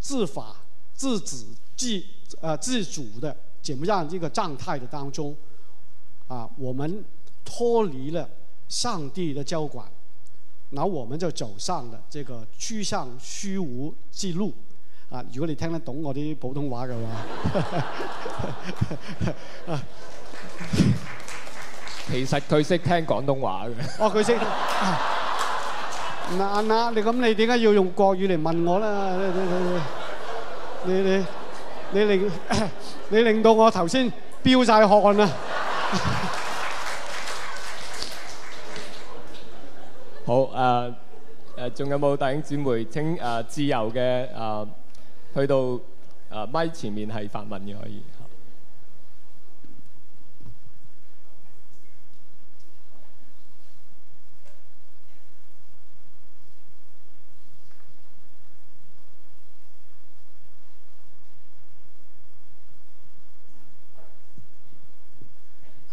自法、自止、自呃自主的，怎麼樣一個狀態的當中，啊，我們脫離了上帝的交管，那我們就走上了這個趨向虛無之路。啊，如果你聽得懂我啲普通話嘅話， [laughs] [laughs] 其實佢識聽廣東話嘅。哦，佢識。 [laughs] 嗱嗱，你咁你點解要用國語嚟問我咧？你你你你你令你令到我頭先飆曬汗啊！好，誒誒，仲有冇弟兄姊妹？請誒自由嘅誒，去到誒咪前面係發問嘅可以。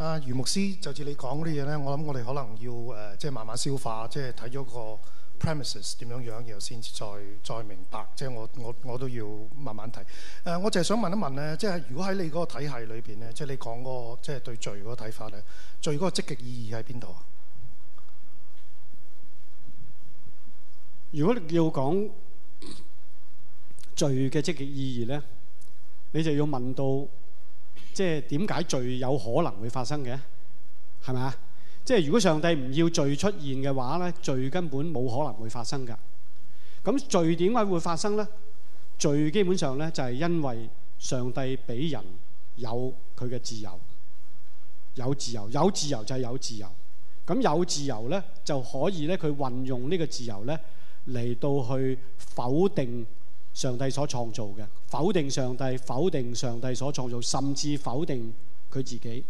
啊，余牧師，就似你講嗰啲嘢咧，我諗我哋可能要誒、呃，即係慢慢消化，即係睇咗個 premises 點樣樣，然後先至再再明白。即係我我我都要慢慢睇。誒、呃，我就係想問一問咧，即係如果喺你嗰個體系裏邊咧，即係你講個即係對罪嗰個睇法咧，罪嗰個積極意義喺邊度啊？如果你要講罪嘅積極意義咧，你就要問到。即係點解罪有可能會發生嘅？係咪啊？即係如果上帝唔要罪出現嘅話咧，罪根本冇可能會發生㗎。咁罪點解會發生咧？罪基本上咧就係因為上帝俾人有佢嘅自由，有自由，有自由就係有自由。咁有自由咧就可以咧佢運用呢個自由咧嚟到去否定。上帝所創造嘅，否定上帝，否定上帝所創造，甚至否定佢自己。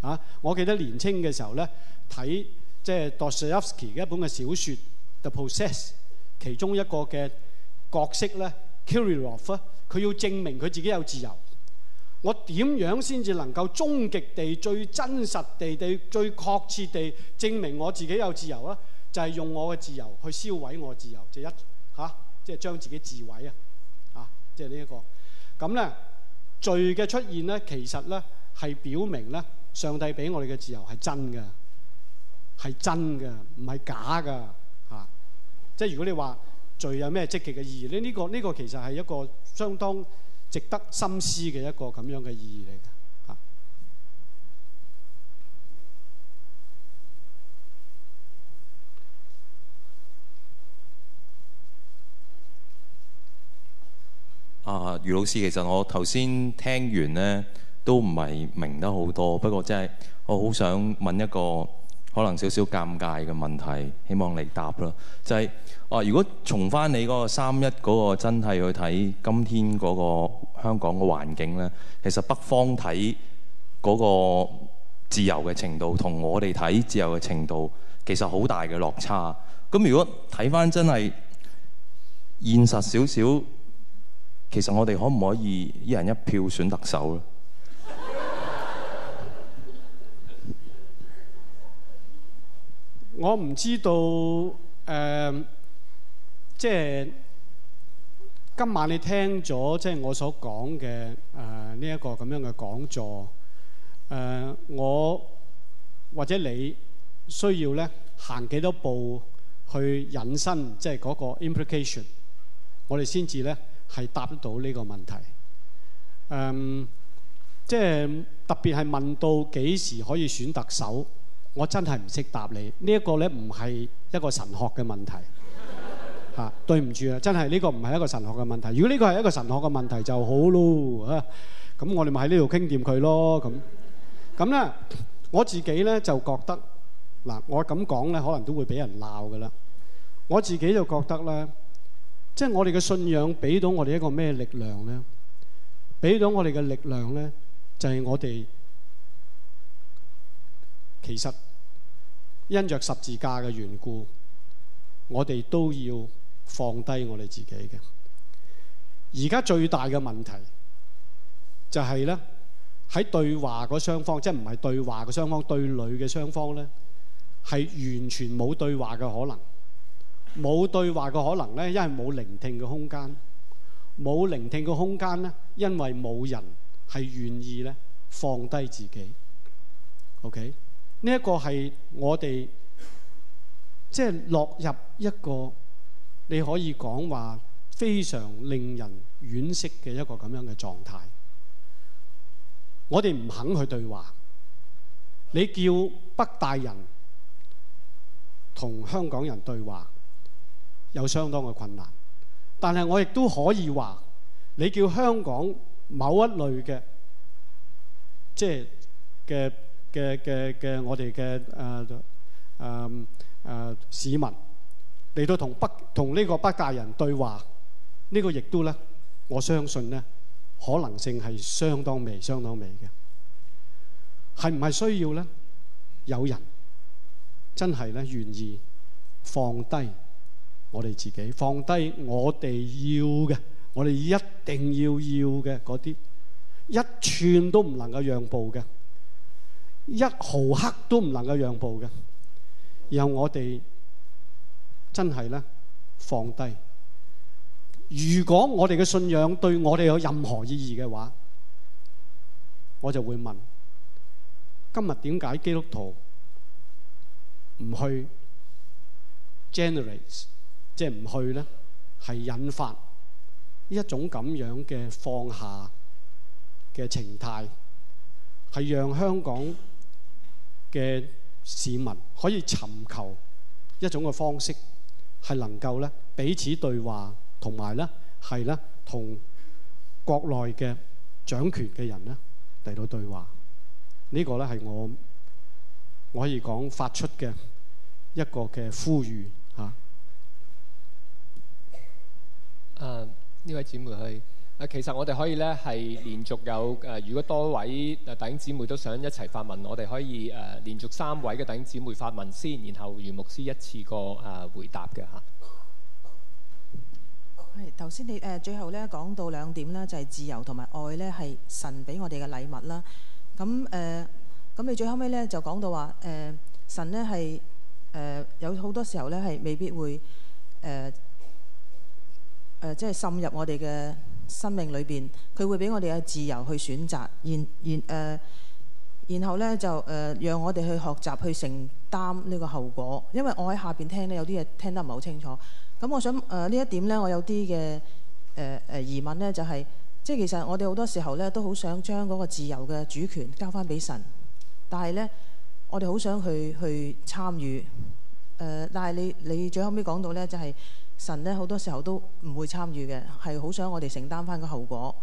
啊！我記得年青嘅時候咧，睇即係、就是、Dostoyevsky 嘅一本嘅小説《The Possessed》，其中一個嘅角色咧 Kirillov，佢要證明佢自己有自由。我點樣先至能夠終極地、最真實地、地最確切地證明我自己有自由咧？就係、是、用我嘅自由去燒毀我自由，就是、一嚇，即係將自己自毀啊！即係、這個、呢一個咁咧，罪嘅出現咧，其實咧係表明咧，上帝俾我哋嘅自由係真嘅，係真嘅，唔係假嘅嚇。即係如果你話罪有咩積極嘅意義咧，呢、這個呢、這個其實係一個相當值得深思嘅一個咁樣嘅意義嚟嘅。啊，余老師，其實我頭先聽完呢都唔係明得好多。不過真係，我好想問一個可能少少尷尬嘅問題，希望你答啦。就係，哦，如果從翻你嗰個三一嗰個真係去睇今天嗰個香港嘅環境呢，其實北方睇嗰個自由嘅程度，同我哋睇自由嘅程度，其實好大嘅落差。咁如果睇翻真係現實少少。其實我哋可唔可以一人一票選特首咧？我唔知道誒，即、呃、係、就是、今晚你聽咗即係我所講嘅誒呢一個咁樣嘅講座誒、呃，我或者你需要咧行幾多步去引申，即係嗰個 implication，我哋先至咧。係答到呢個問題，誒、嗯，即係特別係問到幾時可以選特首，我真係唔識答你。呢一個咧唔係一個神學嘅問題，嚇，對唔住啊，真係呢個唔係一個神學嘅問題。如果呢個係一個神學嘅問題就好咯，嚇，咁我哋咪喺呢度傾掂佢咯，咁咁咧我自己咧就覺得嗱，我咁講咧可能都會俾人鬧㗎啦。我自己就覺得咧。即係我哋嘅信仰俾到我哋一個咩力量咧？俾到我哋嘅力量咧，就係、是、我哋其實因着十字架嘅緣故，我哋都要放低我哋自己嘅。而家最大嘅問題就係、是、咧，喺對話個雙方，即係唔係對話嘅雙方，對壘嘅雙方咧，係完全冇對話嘅可能。冇對話嘅可能咧，因為冇聆聽嘅空間；冇聆聽嘅空間咧，因為冇人係願意咧放低自己。OK，呢一個係我哋即係落入一個你可以講話非常令人惋惜嘅一個咁樣嘅狀態。我哋唔肯去對話，你叫北大人同香港人對話。有相當嘅困難，但係我亦都可以話，你叫香港某一類嘅，即係嘅嘅嘅嘅，我哋嘅誒誒誒市民嚟到同北同呢個北界人對話，呢個亦都咧，我相信咧可能性係相當微、相當微嘅，係唔係需要咧？有人真係咧願意放低。我哋自己放低我哋要嘅，我哋一定要要嘅嗰啲一寸都唔能夠讓步嘅，一毫克都唔能夠讓步嘅。然後我哋真係咧放低。如果我哋嘅信仰對我哋有任何意義嘅話，我就會問：今日點解基督徒唔去 generate？即係唔去咧，係引發呢一種咁樣嘅放下嘅情態，係讓香港嘅市民可以尋求一種嘅方式，係能夠咧彼此對話，同埋咧係咧同國內嘅掌權嘅人咧嚟到對話。這個、呢個咧係我我可以講發出嘅一個嘅呼籲。啊！呢位姊妹去啊，其實我哋可以咧係連續有誒，如果多位誒弟兄姊妹都想一齊發問，我哋可以誒連續三位嘅弟兄姊妹發問先，然後余牧師一次過誒回答嘅嚇。係頭先你誒最後咧講到兩點啦，就係自由同埋愛咧係神俾我哋嘅禮物啦。咁誒咁你最後尾咧就講到話誒神咧係誒有好多時候咧係未必會誒。誒、呃，即係滲入我哋嘅生命裏邊，佢會俾我哋嘅自由去選擇，然然誒、呃，然後呢，就誒、呃，讓我哋去學習去承擔呢個後果。因為我喺下邊聽呢，有啲嘢聽得唔係好清楚。咁我想誒呢、呃、一點呢，我有啲嘅誒誒疑問呢，就係、是、即係其實我哋好多時候呢，都好想將嗰個自由嘅主權交翻俾神，但係呢，我哋好想去去參與誒，但係你你最後尾講到呢，就係、是。神咧好多時候都唔會參與嘅，係好想我哋承擔返個後果。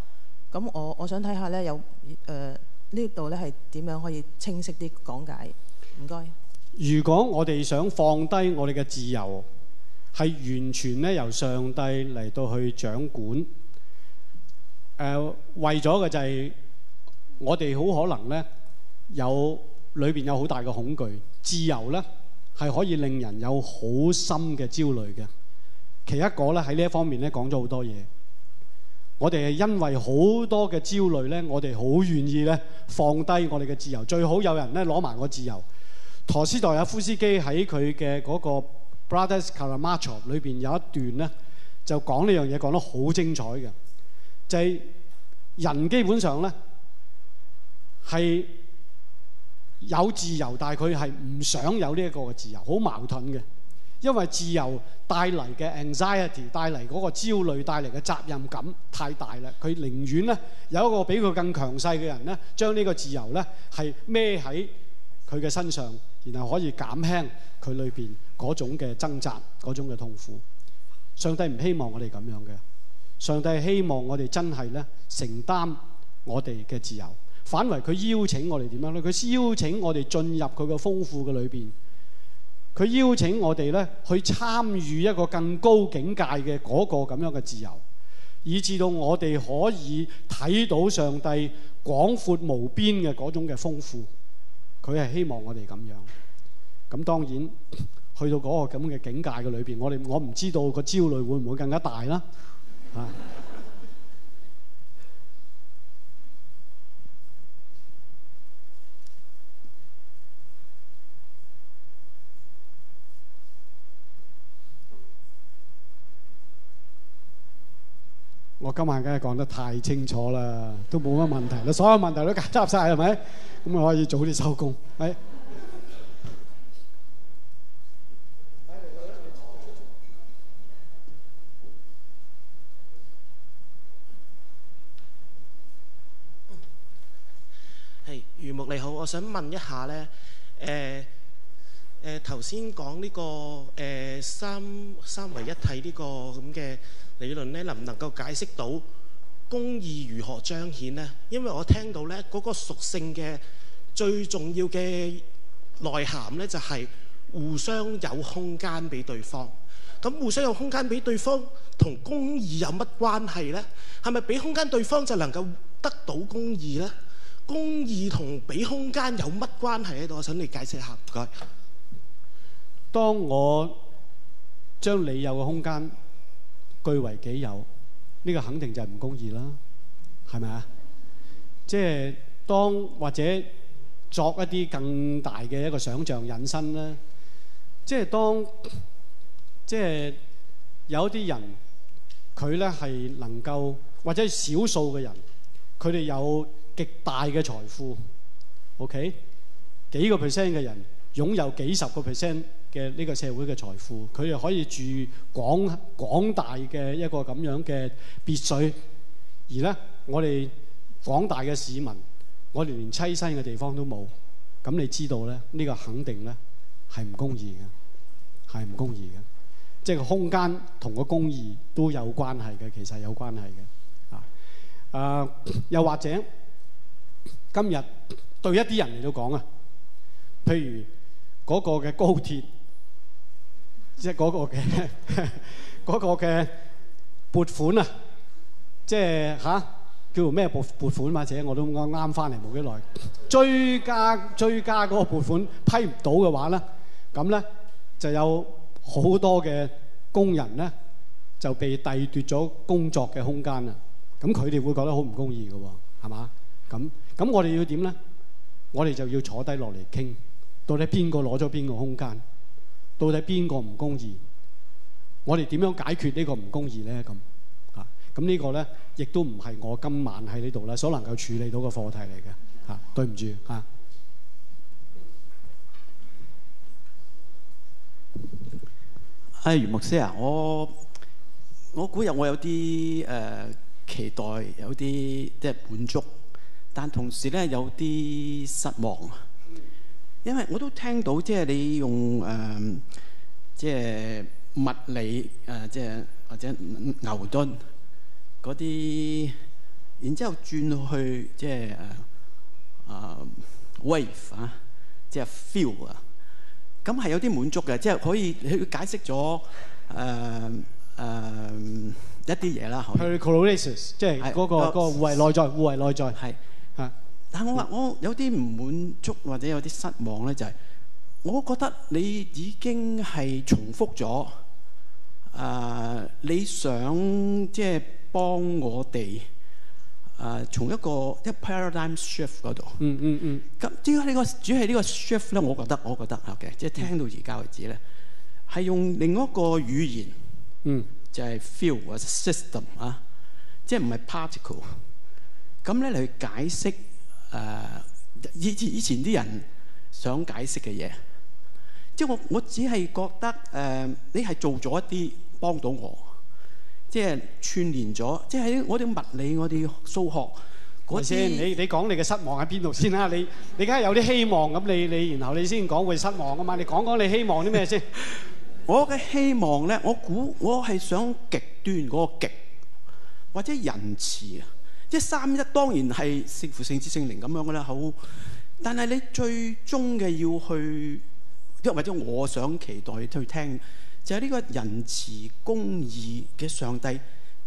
咁我我想睇下咧，有誒呢度咧係點樣可以清晰啲講解？唔該。如果我哋想放低我哋嘅自由，係完全咧由上帝嚟到去掌管。誒，為咗嘅就係我哋好可能咧有裏邊有好大嘅恐懼。自由咧係可以令人有好深嘅焦慮嘅。其一個咧喺呢一方面咧講咗好多嘢，我哋係因為好多嘅焦慮咧，我哋好願意咧放低我哋嘅自由，最好有人咧攞埋我自由。陀思妥耶夫斯基喺佢嘅嗰個《Brothers Karamazov》裏邊有一段咧，就講呢樣嘢講得好精彩嘅，就係、是、人基本上咧係有自由，但係佢係唔想有呢一個嘅自由，好矛盾嘅。因為自由帶嚟嘅 anxiety 帶嚟嗰個焦慮，帶嚟嘅責任感太大啦，佢寧願咧有一個比佢更強勢嘅人咧，將呢個自由咧係孭喺佢嘅身上，然後可以減輕佢裏邊嗰種嘅掙扎、嗰種嘅痛苦。上帝唔希望我哋咁樣嘅，上帝希望我哋真係咧承擔我哋嘅自由。反為佢邀請我哋點樣呢？佢邀請我哋進入佢嘅豐富嘅裏邊。佢邀請我哋咧去參與一個更高境界嘅嗰個咁樣嘅自由，以至到我哋可以睇到上帝廣闊無邊嘅嗰種嘅豐富。佢係希望我哋咁樣。咁當然去到嗰個咁嘅境界嘅裏邊，我哋我唔知道個焦慮會唔會更加大啦。啊！ [laughs] 今晚梗係講得太清楚啦，都冇乜問題，你所有問題都夾雜曬係咪？咁可以早啲收工。係。係，余牧你好，我想問一下咧，誒誒頭先講呢個誒三三位一體呢個咁嘅。理論呢能唔能夠解釋到公義如何彰顯呢？因為我聽到呢嗰個屬性嘅最重要嘅內涵呢，就係互相有空間俾對方。咁互相有空間俾對方，同公義有乜關係呢？係咪俾空間對方就能夠得到公義呢？公義同俾空間有乜關係呢？我想你解釋下。唔該。當我將你有嘅空間，據為己有，呢個肯定就係唔公義啦，係咪啊？即係當或者作一啲更大嘅一個想象引申啦。即係當即係有啲人佢咧係能夠，或者少數嘅人，佢哋有極大嘅財富。OK，幾個 percent 嘅人擁有幾十個 percent。嘅呢個社會嘅財富，佢又可以住廣廣大嘅一個咁樣嘅別墅，而咧我哋廣大嘅市民，我哋連棲身嘅地方都冇，咁你知道咧呢個肯定咧係唔公義嘅。係唔公義嘅，即係個空間同個公義都有關係嘅，其實有關係嘅啊啊，又或者今日對一啲人嚟到講啊，譬如嗰個嘅高鐵。即係嗰個嘅嗰個嘅撥款啊，即係吓、啊，叫做咩撥撥款或、啊、者我都啱啱翻嚟冇幾耐，追加追加嗰個撥款批唔到嘅話咧，咁咧就有好多嘅工人咧就被遞奪咗工作嘅空間啦。咁佢哋會覺得好唔公義嘅喎，係嘛？咁咁我哋要點咧？我哋就要坐低落嚟傾，到底邊個攞咗邊個空間？到底邊個唔公義？我哋點樣解決呢個唔公義呢？咁啊，咁呢個咧亦都唔係我今晚喺呢度咧所能夠處理到嘅課題嚟嘅。嚇、嗯，對唔住嚇。啊、哎，余牧師啊，我我估有我有啲、呃、期待，有啲即係滿足，但同時咧有啲失望。因為我都聽到，即係你用誒，即、呃、係、就是、物理誒，即係或者牛頓嗰啲，然之後轉去即係誒，誒、就是呃、wave 啊，即係 field 啊，咁係有啲滿足嘅，即係可以解釋咗誒誒一啲嘢啦。去即係嗰個個互為內在，互為內在。但我話我有啲唔滿足，或者有啲失望咧，就係、是、我覺得你已經係重複咗誒、呃。你想即係幫我哋誒，從、呃、一個一 paradigm shift 嗰度、嗯，嗯嗯嗯。咁點解呢個主要係呢個 shift 咧？我覺得我覺得係嘅。Okay, 即係聽到而家為止咧，係、嗯、用另一個語言，嗯，就係 field 或者 system 啊，即係唔係 particle 咁咧嚟解釋。誒，以以前啲人想解釋嘅嘢，即係我我只係覺得誒、呃、你係做咗一啲幫到我，即係串連咗，即係我哋物理、我哋數學。係咪你你講你嘅失望喺邊度先啦？你你梗係有啲希望咁，你你然後你先講會失望啊嘛？你講講你希望啲咩先？ [laughs] 我嘅希望咧，我估我係想極端嗰個極，或者仁慈啊。一三一當然係聖父聖子聖靈咁樣噶啦，好。但係你最終嘅要去，或者我想期待去聽，就係、是、呢個仁慈公義嘅上帝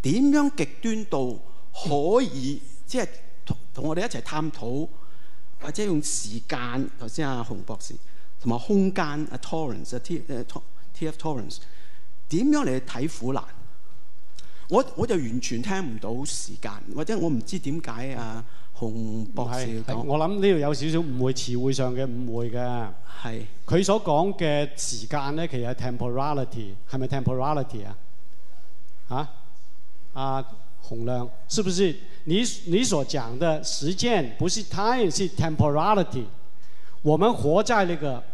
點樣極端到可以， [laughs] 即係同，同我哋一齊探討，或者用時間頭先阿洪博士同埋空間阿 Torrance 啊 Tor rance, T 啊 T. F. Torrance 點樣嚟睇苦難。我我就完全聽唔到時間，或者我唔知點解啊，洪博士講。我諗呢度有少少誤會，詞彙上嘅誤會嘅。係佢是所講嘅時間咧，其實係 temporality，係咪 temporality 啊？嚇啊，啊，洪亮，是不是你你所講嘅時間不是 time，是 temporality？我們活在呢、這個。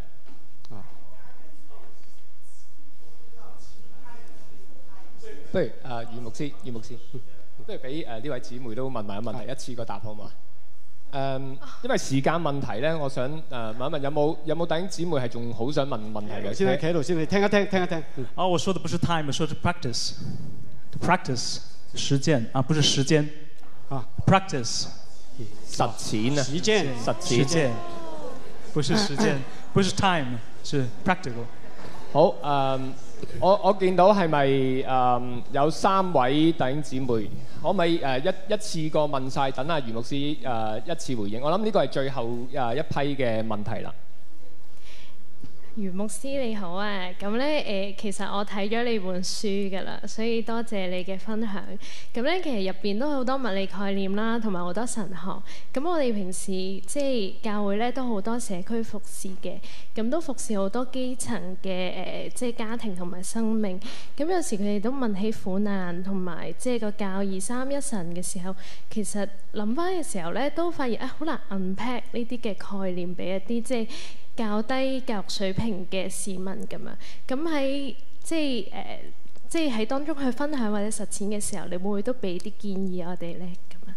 不如誒，馮、呃、牧師，馮牧師，不如俾誒呢位姊妹都問埋個問題，啊、一次過答好嘛？誒、嗯，因為時間問題咧，我想誒、呃、問一問，有冇有冇等姊妹係仲好想問問題嘅？先你企喺度先，你聽一聽，聽一聽一。嗯、啊，我說的不是 time，是 pract practice。Practice，實踐啊，不是時間啊。Practice，實踐呢、啊？實踐，實踐，不是時間，不是 time， [coughs] 是 practical。好，誒、嗯，我我見到係咪誒有三位弟兄姊妹，可唔可以、呃、一一次過問晒？等下余牧師誒、呃、一次回應。我諗呢個係最後、呃、一批嘅問題啦。余牧師你好啊，咁咧誒，其實我睇咗你本書㗎啦，所以多謝你嘅分享。咁咧，其實入邊都好多物理概念啦，同埋好多神學。咁我哋平時即係教會咧，都好多社區服侍嘅，咁都服侍好多基層嘅誒，即係家庭同埋生命。咁有時佢哋都問起苦難同埋即係個教二三一神嘅時候，其實諗翻嘅時候咧，都發現啊，哎、好難 unpack 呢啲嘅概念俾一啲即係。較低教育水平嘅市民咁啊，咁喺即係誒，即係喺、呃、當中去分享或者實踐嘅時候，你會唔會都俾啲建議我哋咧？咁啊，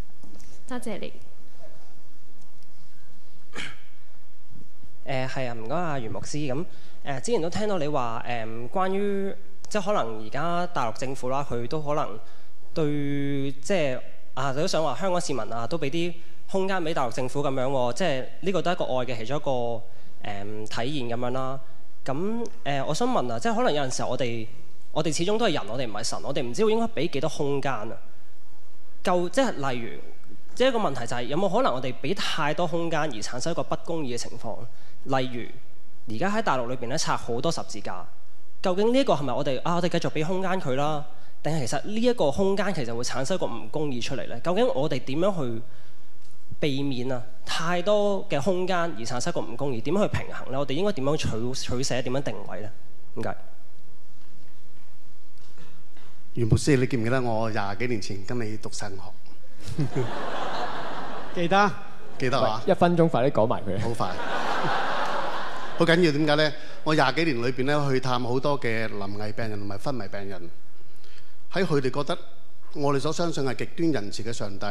多謝你。誒係、呃、啊，唔該阿袁牧師咁誒、呃，之前都聽到你話誒、呃，關於即係可能而家大陸政府啦，佢都可能對即係啊，都想話香港市民啊，都俾啲空間俾大陸政府咁樣喎、啊，即係呢、呢個都係一個愛嘅其中一個。誒體現咁樣啦，咁誒、呃，我想問啊，即係可能有陣時候我哋，我哋始終都係人，我哋唔係神，我哋唔知道應該俾幾多空間啊？究，即係例如，即一個問題就係、是、有冇可能我哋俾太多空間而產生一個不公義嘅情況？例如，而家喺大陸裏邊咧拆好多十字架，究竟呢一個係咪我哋啊我哋繼續俾空間佢啦？定係其實呢一個空間其實會產生一個唔公義出嚟咧？究竟我哋點樣去避免啊太多嘅空間而產生個唔公義，點樣去平衡咧？我哋應該點樣取取捨？點樣定位咧？點解？袁牧師，你記唔記得我廿幾年前跟你讀神學？ [laughs] 記得，記得啊！一分鐘快說，快啲講埋佢。好快。好緊要點解咧？我廿幾年裏邊咧去探好多嘅臨危病人同埋昏迷病人，喺佢哋覺得我哋所相信係極端仁慈嘅上帝。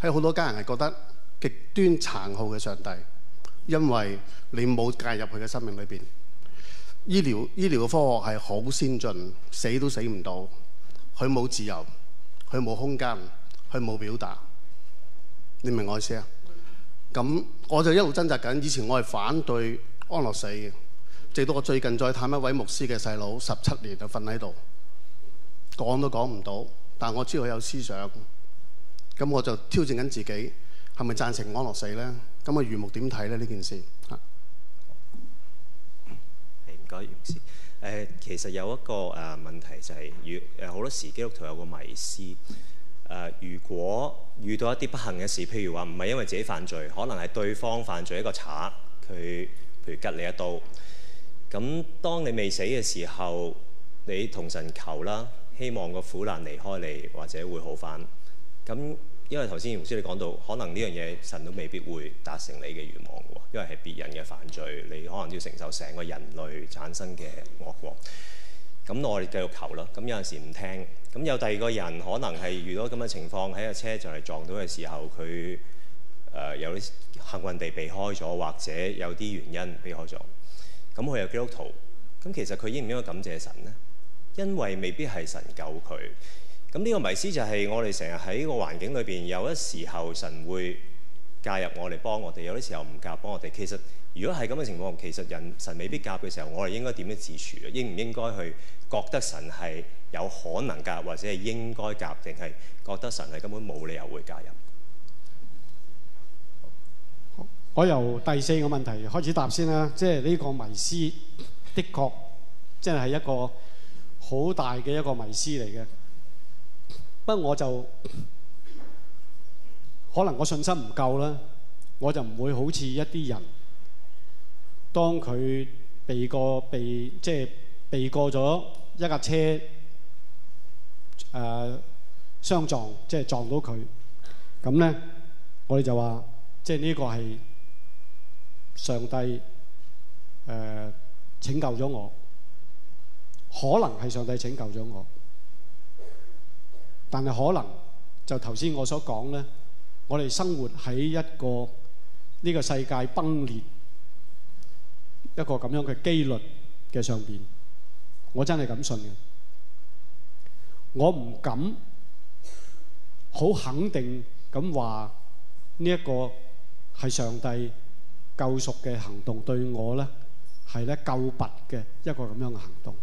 喺好多家人係覺得極端殘酷嘅上帝，因為你冇介入佢嘅生命裏邊。醫療醫療嘅科學係好先進，死都死唔到。佢冇自由，佢冇空間，佢冇表達。你明我意思啊？咁對我就一路掙扎緊。以前我係反對安樂死嘅，直到我最近再探一位牧師嘅細佬，十七年就瞓喺度，講都講唔到，但我知道佢有思想。咁我就挑戰緊自己，係咪贊成安樂死呢？咁啊，余目點睇呢？呢件事吓，唔該，余師、呃、其實有一個誒、呃、問題就係、是，如好多時基督徒有個迷思、呃、如果遇到一啲不幸嘅事，譬如話唔係因為自己犯罪，可能係對方犯罪一個賊，佢譬如吉你一刀，咁當你未死嘅時候，你同神求啦，希望個苦難離開你，或者會好返。咁因為頭先牧師你講到，可能呢樣嘢神都未必會達成你嘅願望喎，因為係別人嘅犯罪，你可能要承受成個人類產生嘅惡果。咁我哋繼續求啦。咁有陣時唔聽。咁有第二個人可能係遇到咁嘅情況喺個車就嚟撞到嘅時候，佢誒、呃、有啲幸運地避開咗，或者有啲原因避開咗。咁佢係基督徒，咁其實佢應唔應該感謝神呢？因為未必係神救佢。咁呢個迷思就係我哋成日喺呢個環境裏邊，有啲時候神會介入我哋幫我哋，有啲時候唔夾幫我哋。其實，如果係咁嘅情況，其實人神未必夾嘅時候，我哋應該點樣自處啊？應唔應該去覺得神係有可能夾，或者係應該夾，定係覺得神係根本冇理由會介入？我由第四個問題開始答先啦。即係呢個迷思，的確真係係一個好大嘅一個迷思嚟嘅。不過我就可能我信心唔夠啦，我就唔會好似一啲人，當佢避過避即係、就是、避過咗一架車誒、呃、相撞，即、就、係、是、撞到佢，咁咧我哋就話即係呢個係上帝誒、呃、拯救咗我，可能係上帝拯救咗我。但係可能就頭先我所講咧，我哋生活喺一個呢個世界崩裂一個咁樣嘅機率嘅上面，我真係敢信嘅。我唔敢好肯定咁話呢一個係上帝救贖嘅行動對我咧係咧救拔嘅一個咁樣嘅行動，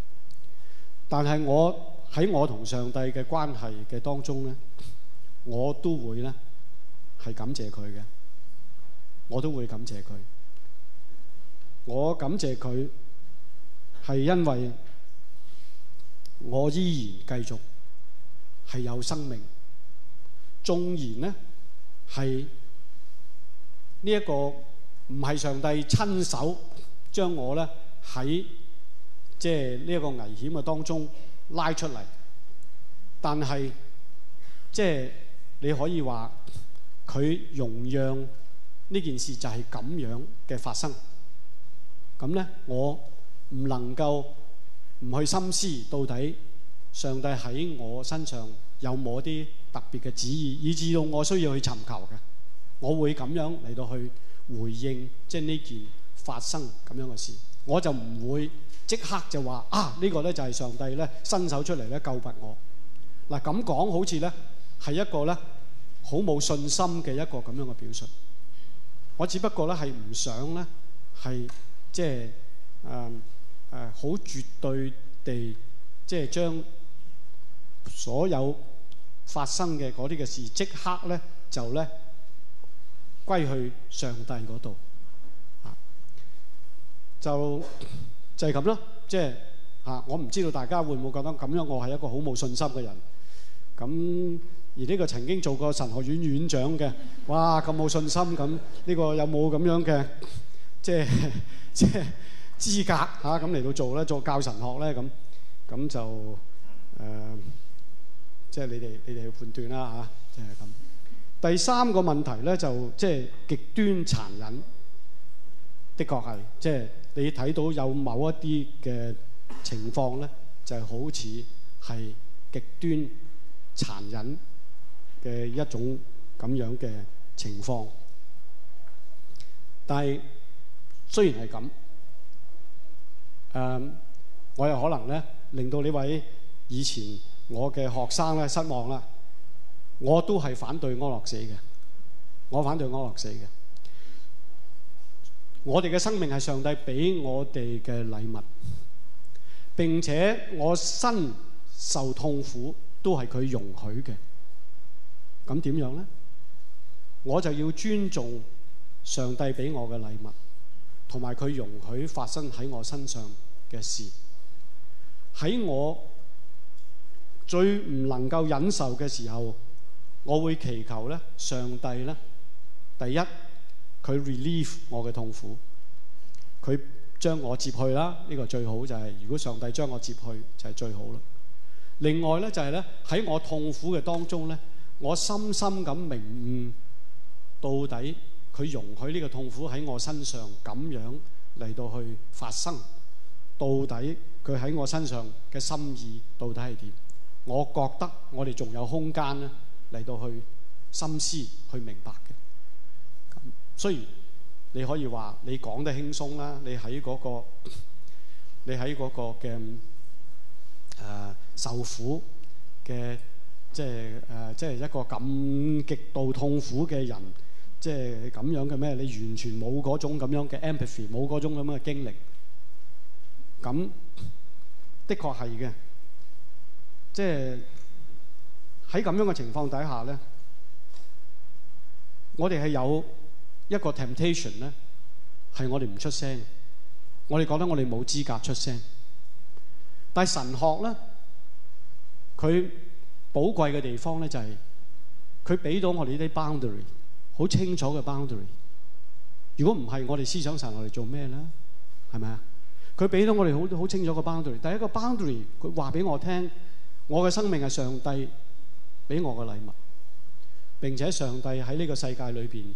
但係我。喺我同上帝嘅關係嘅當中咧，我都會咧係感謝佢嘅，我都會感謝佢。我感謝佢係因為我依然繼續係有生命，縱然咧係呢一個唔係上帝親手將我咧喺即係呢一個危險嘅當中，拉出嚟，但係即係你可以話佢容讓呢件事就係咁樣嘅發生。咁咧，我唔能夠唔去深思到底上帝喺我身上有冇啲特別嘅旨意，以至到我需要去尋求嘅，我會咁樣嚟到去回應即係呢件發生咁樣嘅事，我就唔會。即刻就話啊！呢個咧就係上帝咧伸手出嚟咧救拔我嗱，咁講好似咧係一個咧好冇信心嘅一個咁樣嘅表述。我只不過咧係唔想咧，係即係誒誒好絕對地即係將所有發生嘅嗰啲嘅事即刻咧就咧歸去上帝嗰度啊就。就係咁咯，即係嚇，我唔知道大家會唔會覺得咁樣我係一個好冇信心嘅人。咁而呢個曾經做過神學院院長嘅，哇咁冇信心咁，呢個有冇咁樣嘅即係即係資格嚇咁嚟到做咧做教神學咧咁咁就誒，即係你哋你哋去判斷啦嚇，即係咁。第三個問題咧就即係極端殘忍，的確係即係。你睇到有某一啲嘅情況咧，就係好似係極端殘忍嘅一種咁樣嘅情況。但係雖然係咁，誒、呃，我又可能咧令到呢位以前我嘅學生咧失望啦。我都係反對安樂死嘅，我反對安樂死嘅。我哋嘅生命係上帝俾我哋嘅禮物，並且我身受痛苦都係佢容許嘅。咁點樣咧？我就要尊重上帝俾我嘅禮物，同埋佢容許發生喺我身上嘅事。喺我最唔能夠忍受嘅時候，我會祈求咧，上帝咧，第一。佢 relieve 我嘅痛苦，佢將我接去啦，呢個最好就係如果上帝將我接去就係最好啦。另外咧就係咧喺我痛苦嘅當中咧，我深深咁明悟到底佢容許呢個痛苦喺我身上咁樣嚟到去發生，到底佢喺我身上嘅心意到底係點？我覺得我哋仲有空間咧嚟到去深思去明白嘅。雖然你可以話你講得輕鬆啦。你喺嗰、個，你喺嗰個嘅誒受苦嘅，即係誒、呃，即係一個咁極度痛苦嘅人，即係咁樣嘅咩？你完全冇嗰種咁樣嘅 empathy，冇嗰種咁樣嘅經歷。咁的確係嘅，即係喺咁樣嘅情況底下咧，我哋係有，一個 temptation 咧，係我哋唔出聲。我哋覺得我哋冇資格出聲，但係神學咧，佢寶貴嘅地方咧就係佢俾到我哋呢啲 boundary，好清楚嘅 boundary。如果唔係，我哋思想神學嚟做咩咧？係咪啊？佢俾到我哋好好清楚嘅 boundary。第一個 boundary，佢話俾我聽，我嘅生命係上帝俾我嘅禮物，並且上帝喺呢個世界裏面。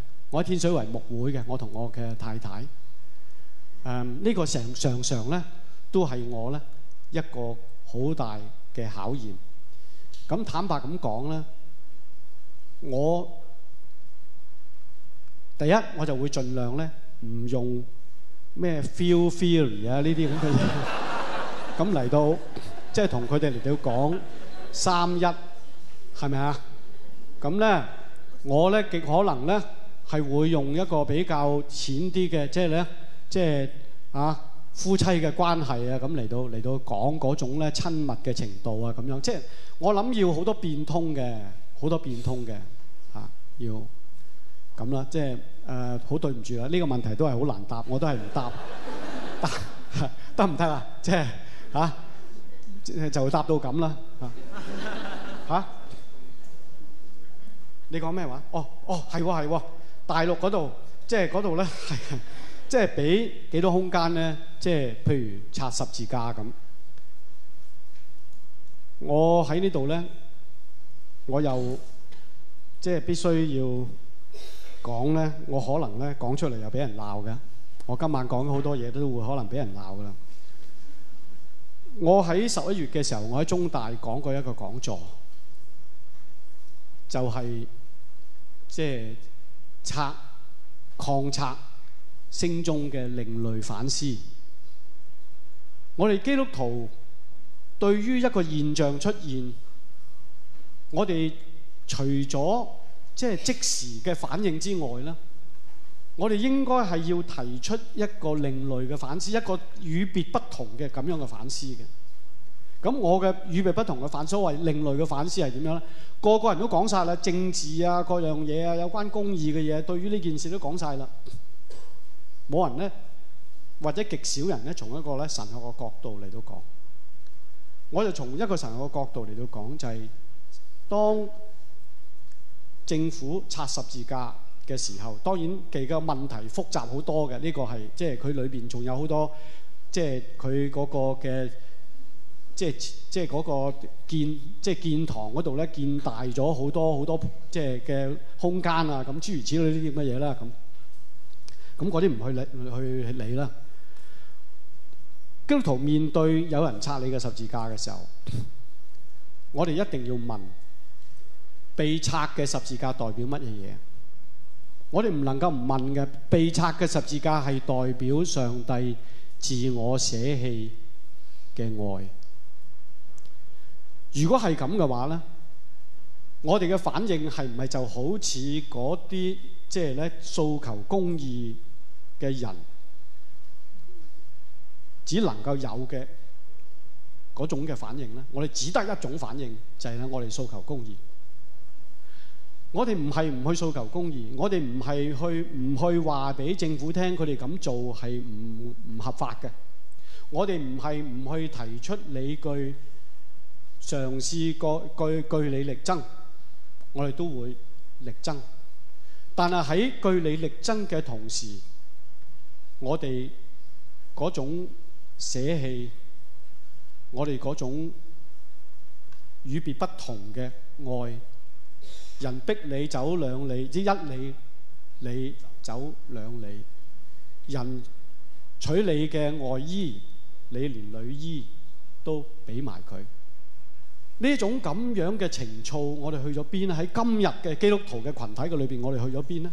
我喺天水圍牧會嘅，我同我嘅太太，誒呢個成常常咧都係我咧一個好大嘅考驗。咁坦白咁講咧，我第一我就會盡量咧唔用咩 field theory 啊呢啲咁嘅嘢，咁嚟到即係同佢哋嚟到講三一係咪啊？咁咧我咧極可能咧。係會用一個比較淺啲嘅，即係咧，即係啊，夫妻嘅關係啊，咁嚟到嚟到講嗰種咧親密嘅程度啊，咁樣，即係我諗要好多變通嘅，好多變通嘅，啊，要咁啦，即係誒，好、呃、對唔住啦，呢、呢個問題都係好難答，我都係唔答，答得唔得啊？即係嚇，就會答到咁啦，嚇、啊 [laughs] 啊？你講咩話？哦，哦，係喎、啊，係喎、啊。大陸嗰度，即係嗰度咧，係即係俾幾多空間咧？即係譬如拆十字架咁。我喺呢度咧，我又即係必須要講咧，我可能咧講出嚟又俾人鬧嘅。我今晚講咗好多嘢都會可能俾人鬧㗎啦。我喺十一月嘅時候，我喺中大講過一個講座，就係即係。拆、抗拆、聲中嘅另類反思。我哋基督徒對於一個現象出現，我哋除咗即係即時嘅反應之外呢，我哋應該係要提出一個另類嘅反思，一個與別不同嘅咁樣嘅反思嘅。咁我嘅與別不同嘅反思，係另類嘅反思係點樣咧？個個人都講晒啦，政治啊，各樣嘢啊，有關公義嘅嘢，對於呢件事都講晒啦。冇人咧，或者極少人咧，從一個咧神學嘅角度嚟到講。我就從一個神學嘅角度嚟到講，就係當政府拆十字架嘅時候，當然其個問題複雜好多嘅。呢個係即係佢裏邊仲有好多，即係佢嗰個嘅。即係即係嗰個建即係建堂嗰度咧，建大咗好多好多即係嘅空間啊。咁諸如此類呢啲乜嘢啦，咁咁嗰啲唔去理去理啦。基督徒面對有人拆你嘅十字架嘅時候，我哋一定要問被拆嘅十字架代表乜嘢嘢？我哋唔能夠唔問嘅。被拆嘅十字架係代表上帝自我捨棄嘅愛。如果係咁嘅話咧，我哋嘅反應係唔係就好似嗰啲即係咧訴求公義嘅人只能夠有嘅嗰種嘅反應咧？我哋只得一種反應，就係咧，我哋訴求公義。我哋唔係唔去訴求公義，我哋唔係去唔去話俾政府聽佢哋咁做係唔唔合法嘅。我哋唔係唔去提出理據。嘗試過據據理力爭，我哋都會力爭。但係喺據理力爭嘅同時，我哋嗰種捨棄，我哋嗰種與別不同嘅愛，人逼你走兩里，即一里你，你走兩里。人取你嘅外衣，你連內衣都俾埋佢。呢種咁樣嘅情操，我哋去咗邊？喺今日嘅基督徒嘅群體嘅裏邊，我哋去咗邊呢？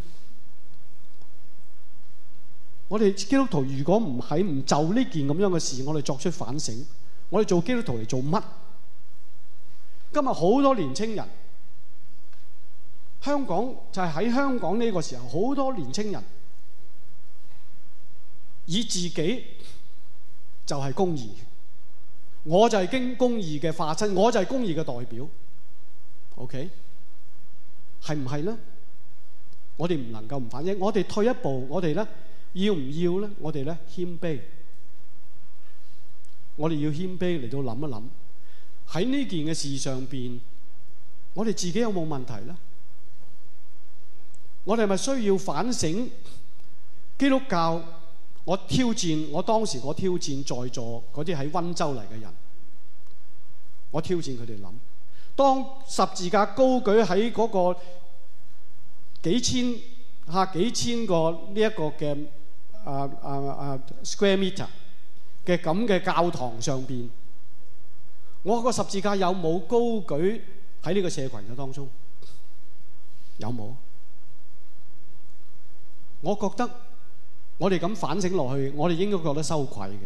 我哋基督徒如果唔係唔就呢件咁樣嘅事，我哋作出反省，我哋做基督徒嚟做乜？今日好多年青人，香港就係、是、喺香港呢個時候，好多年青人以自己就係公義。我就係經公義嘅化身，我就係公義嘅代表。OK，係唔係咧？我哋唔能夠唔反應。我哋退一步，我哋咧要唔要咧？我哋咧謙卑。我哋要謙卑嚟到諗一諗，喺呢件嘅事上邊，我哋自己有冇問題咧？我哋係咪需要反省基督教。我挑戰，我當時我挑戰在座嗰啲喺溫州嚟嘅人，我挑戰佢哋諗，當十字架高舉喺嗰個幾千下幾千個呢一個嘅啊啊啊 square meter 嘅咁嘅教堂上邊，我個十字架有冇高舉喺呢個社群嘅當中？有冇？我覺得。我哋咁反省落去，我哋應該覺得羞愧嘅。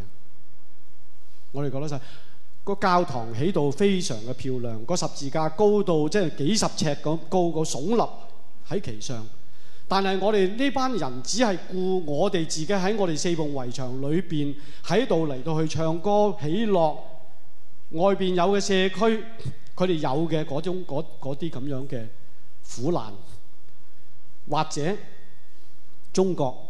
我哋覺得曬個教堂起到非常嘅漂亮，個十字架高到即係幾十尺咁高，個聳立喺其上。但係我哋呢班人只係顧我哋自己喺我哋四幅圍牆裏邊喺度嚟到去唱歌喜樂，外邊有嘅社區佢哋有嘅嗰種嗰嗰啲咁樣嘅苦難，或者中國。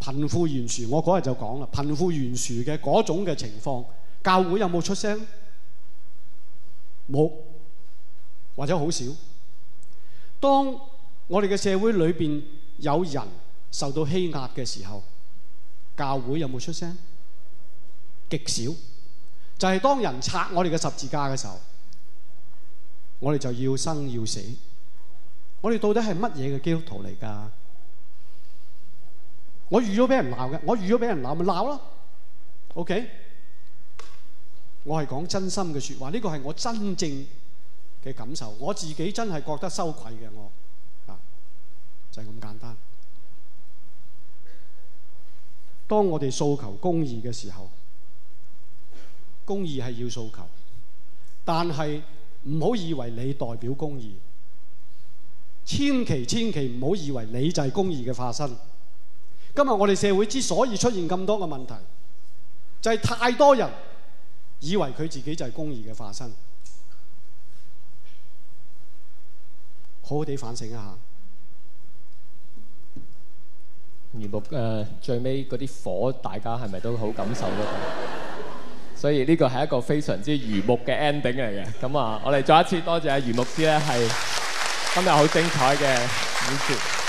貧富懸殊，我嗰日就講啦。貧富懸殊嘅嗰種嘅情況，教會有冇出聲？冇，或者好少。當我哋嘅社會裏面有人受到欺壓嘅時候，教會有冇出聲？極少。就係、是、當人拆我哋嘅十字架嘅時候，我哋就要生要死。我哋到底係乜嘢嘅基督徒嚟㗎？我預咗俾人鬧嘅，我預咗俾人鬧咪鬧咯，OK？我係講真心嘅説話，呢個係我真正嘅感受，我自己真係覺得羞愧嘅，我啊就係咁簡單。當我哋訴求公義嘅時候，公義係要訴求，但係唔好以為你代表公義，千祈千祈唔好以為你就係公義嘅化身。今日我哋社會之所以出現咁多嘅問題，就係太多人以為佢自己就係公義嘅化身，好好地反省一下。余木誒，最尾嗰啲火，大家係咪都好感受得到？所以呢個係一個非常之余木嘅 ending 嚟嘅。咁啊，我哋再一次多謝阿余木師咧，係今日好精彩嘅演説。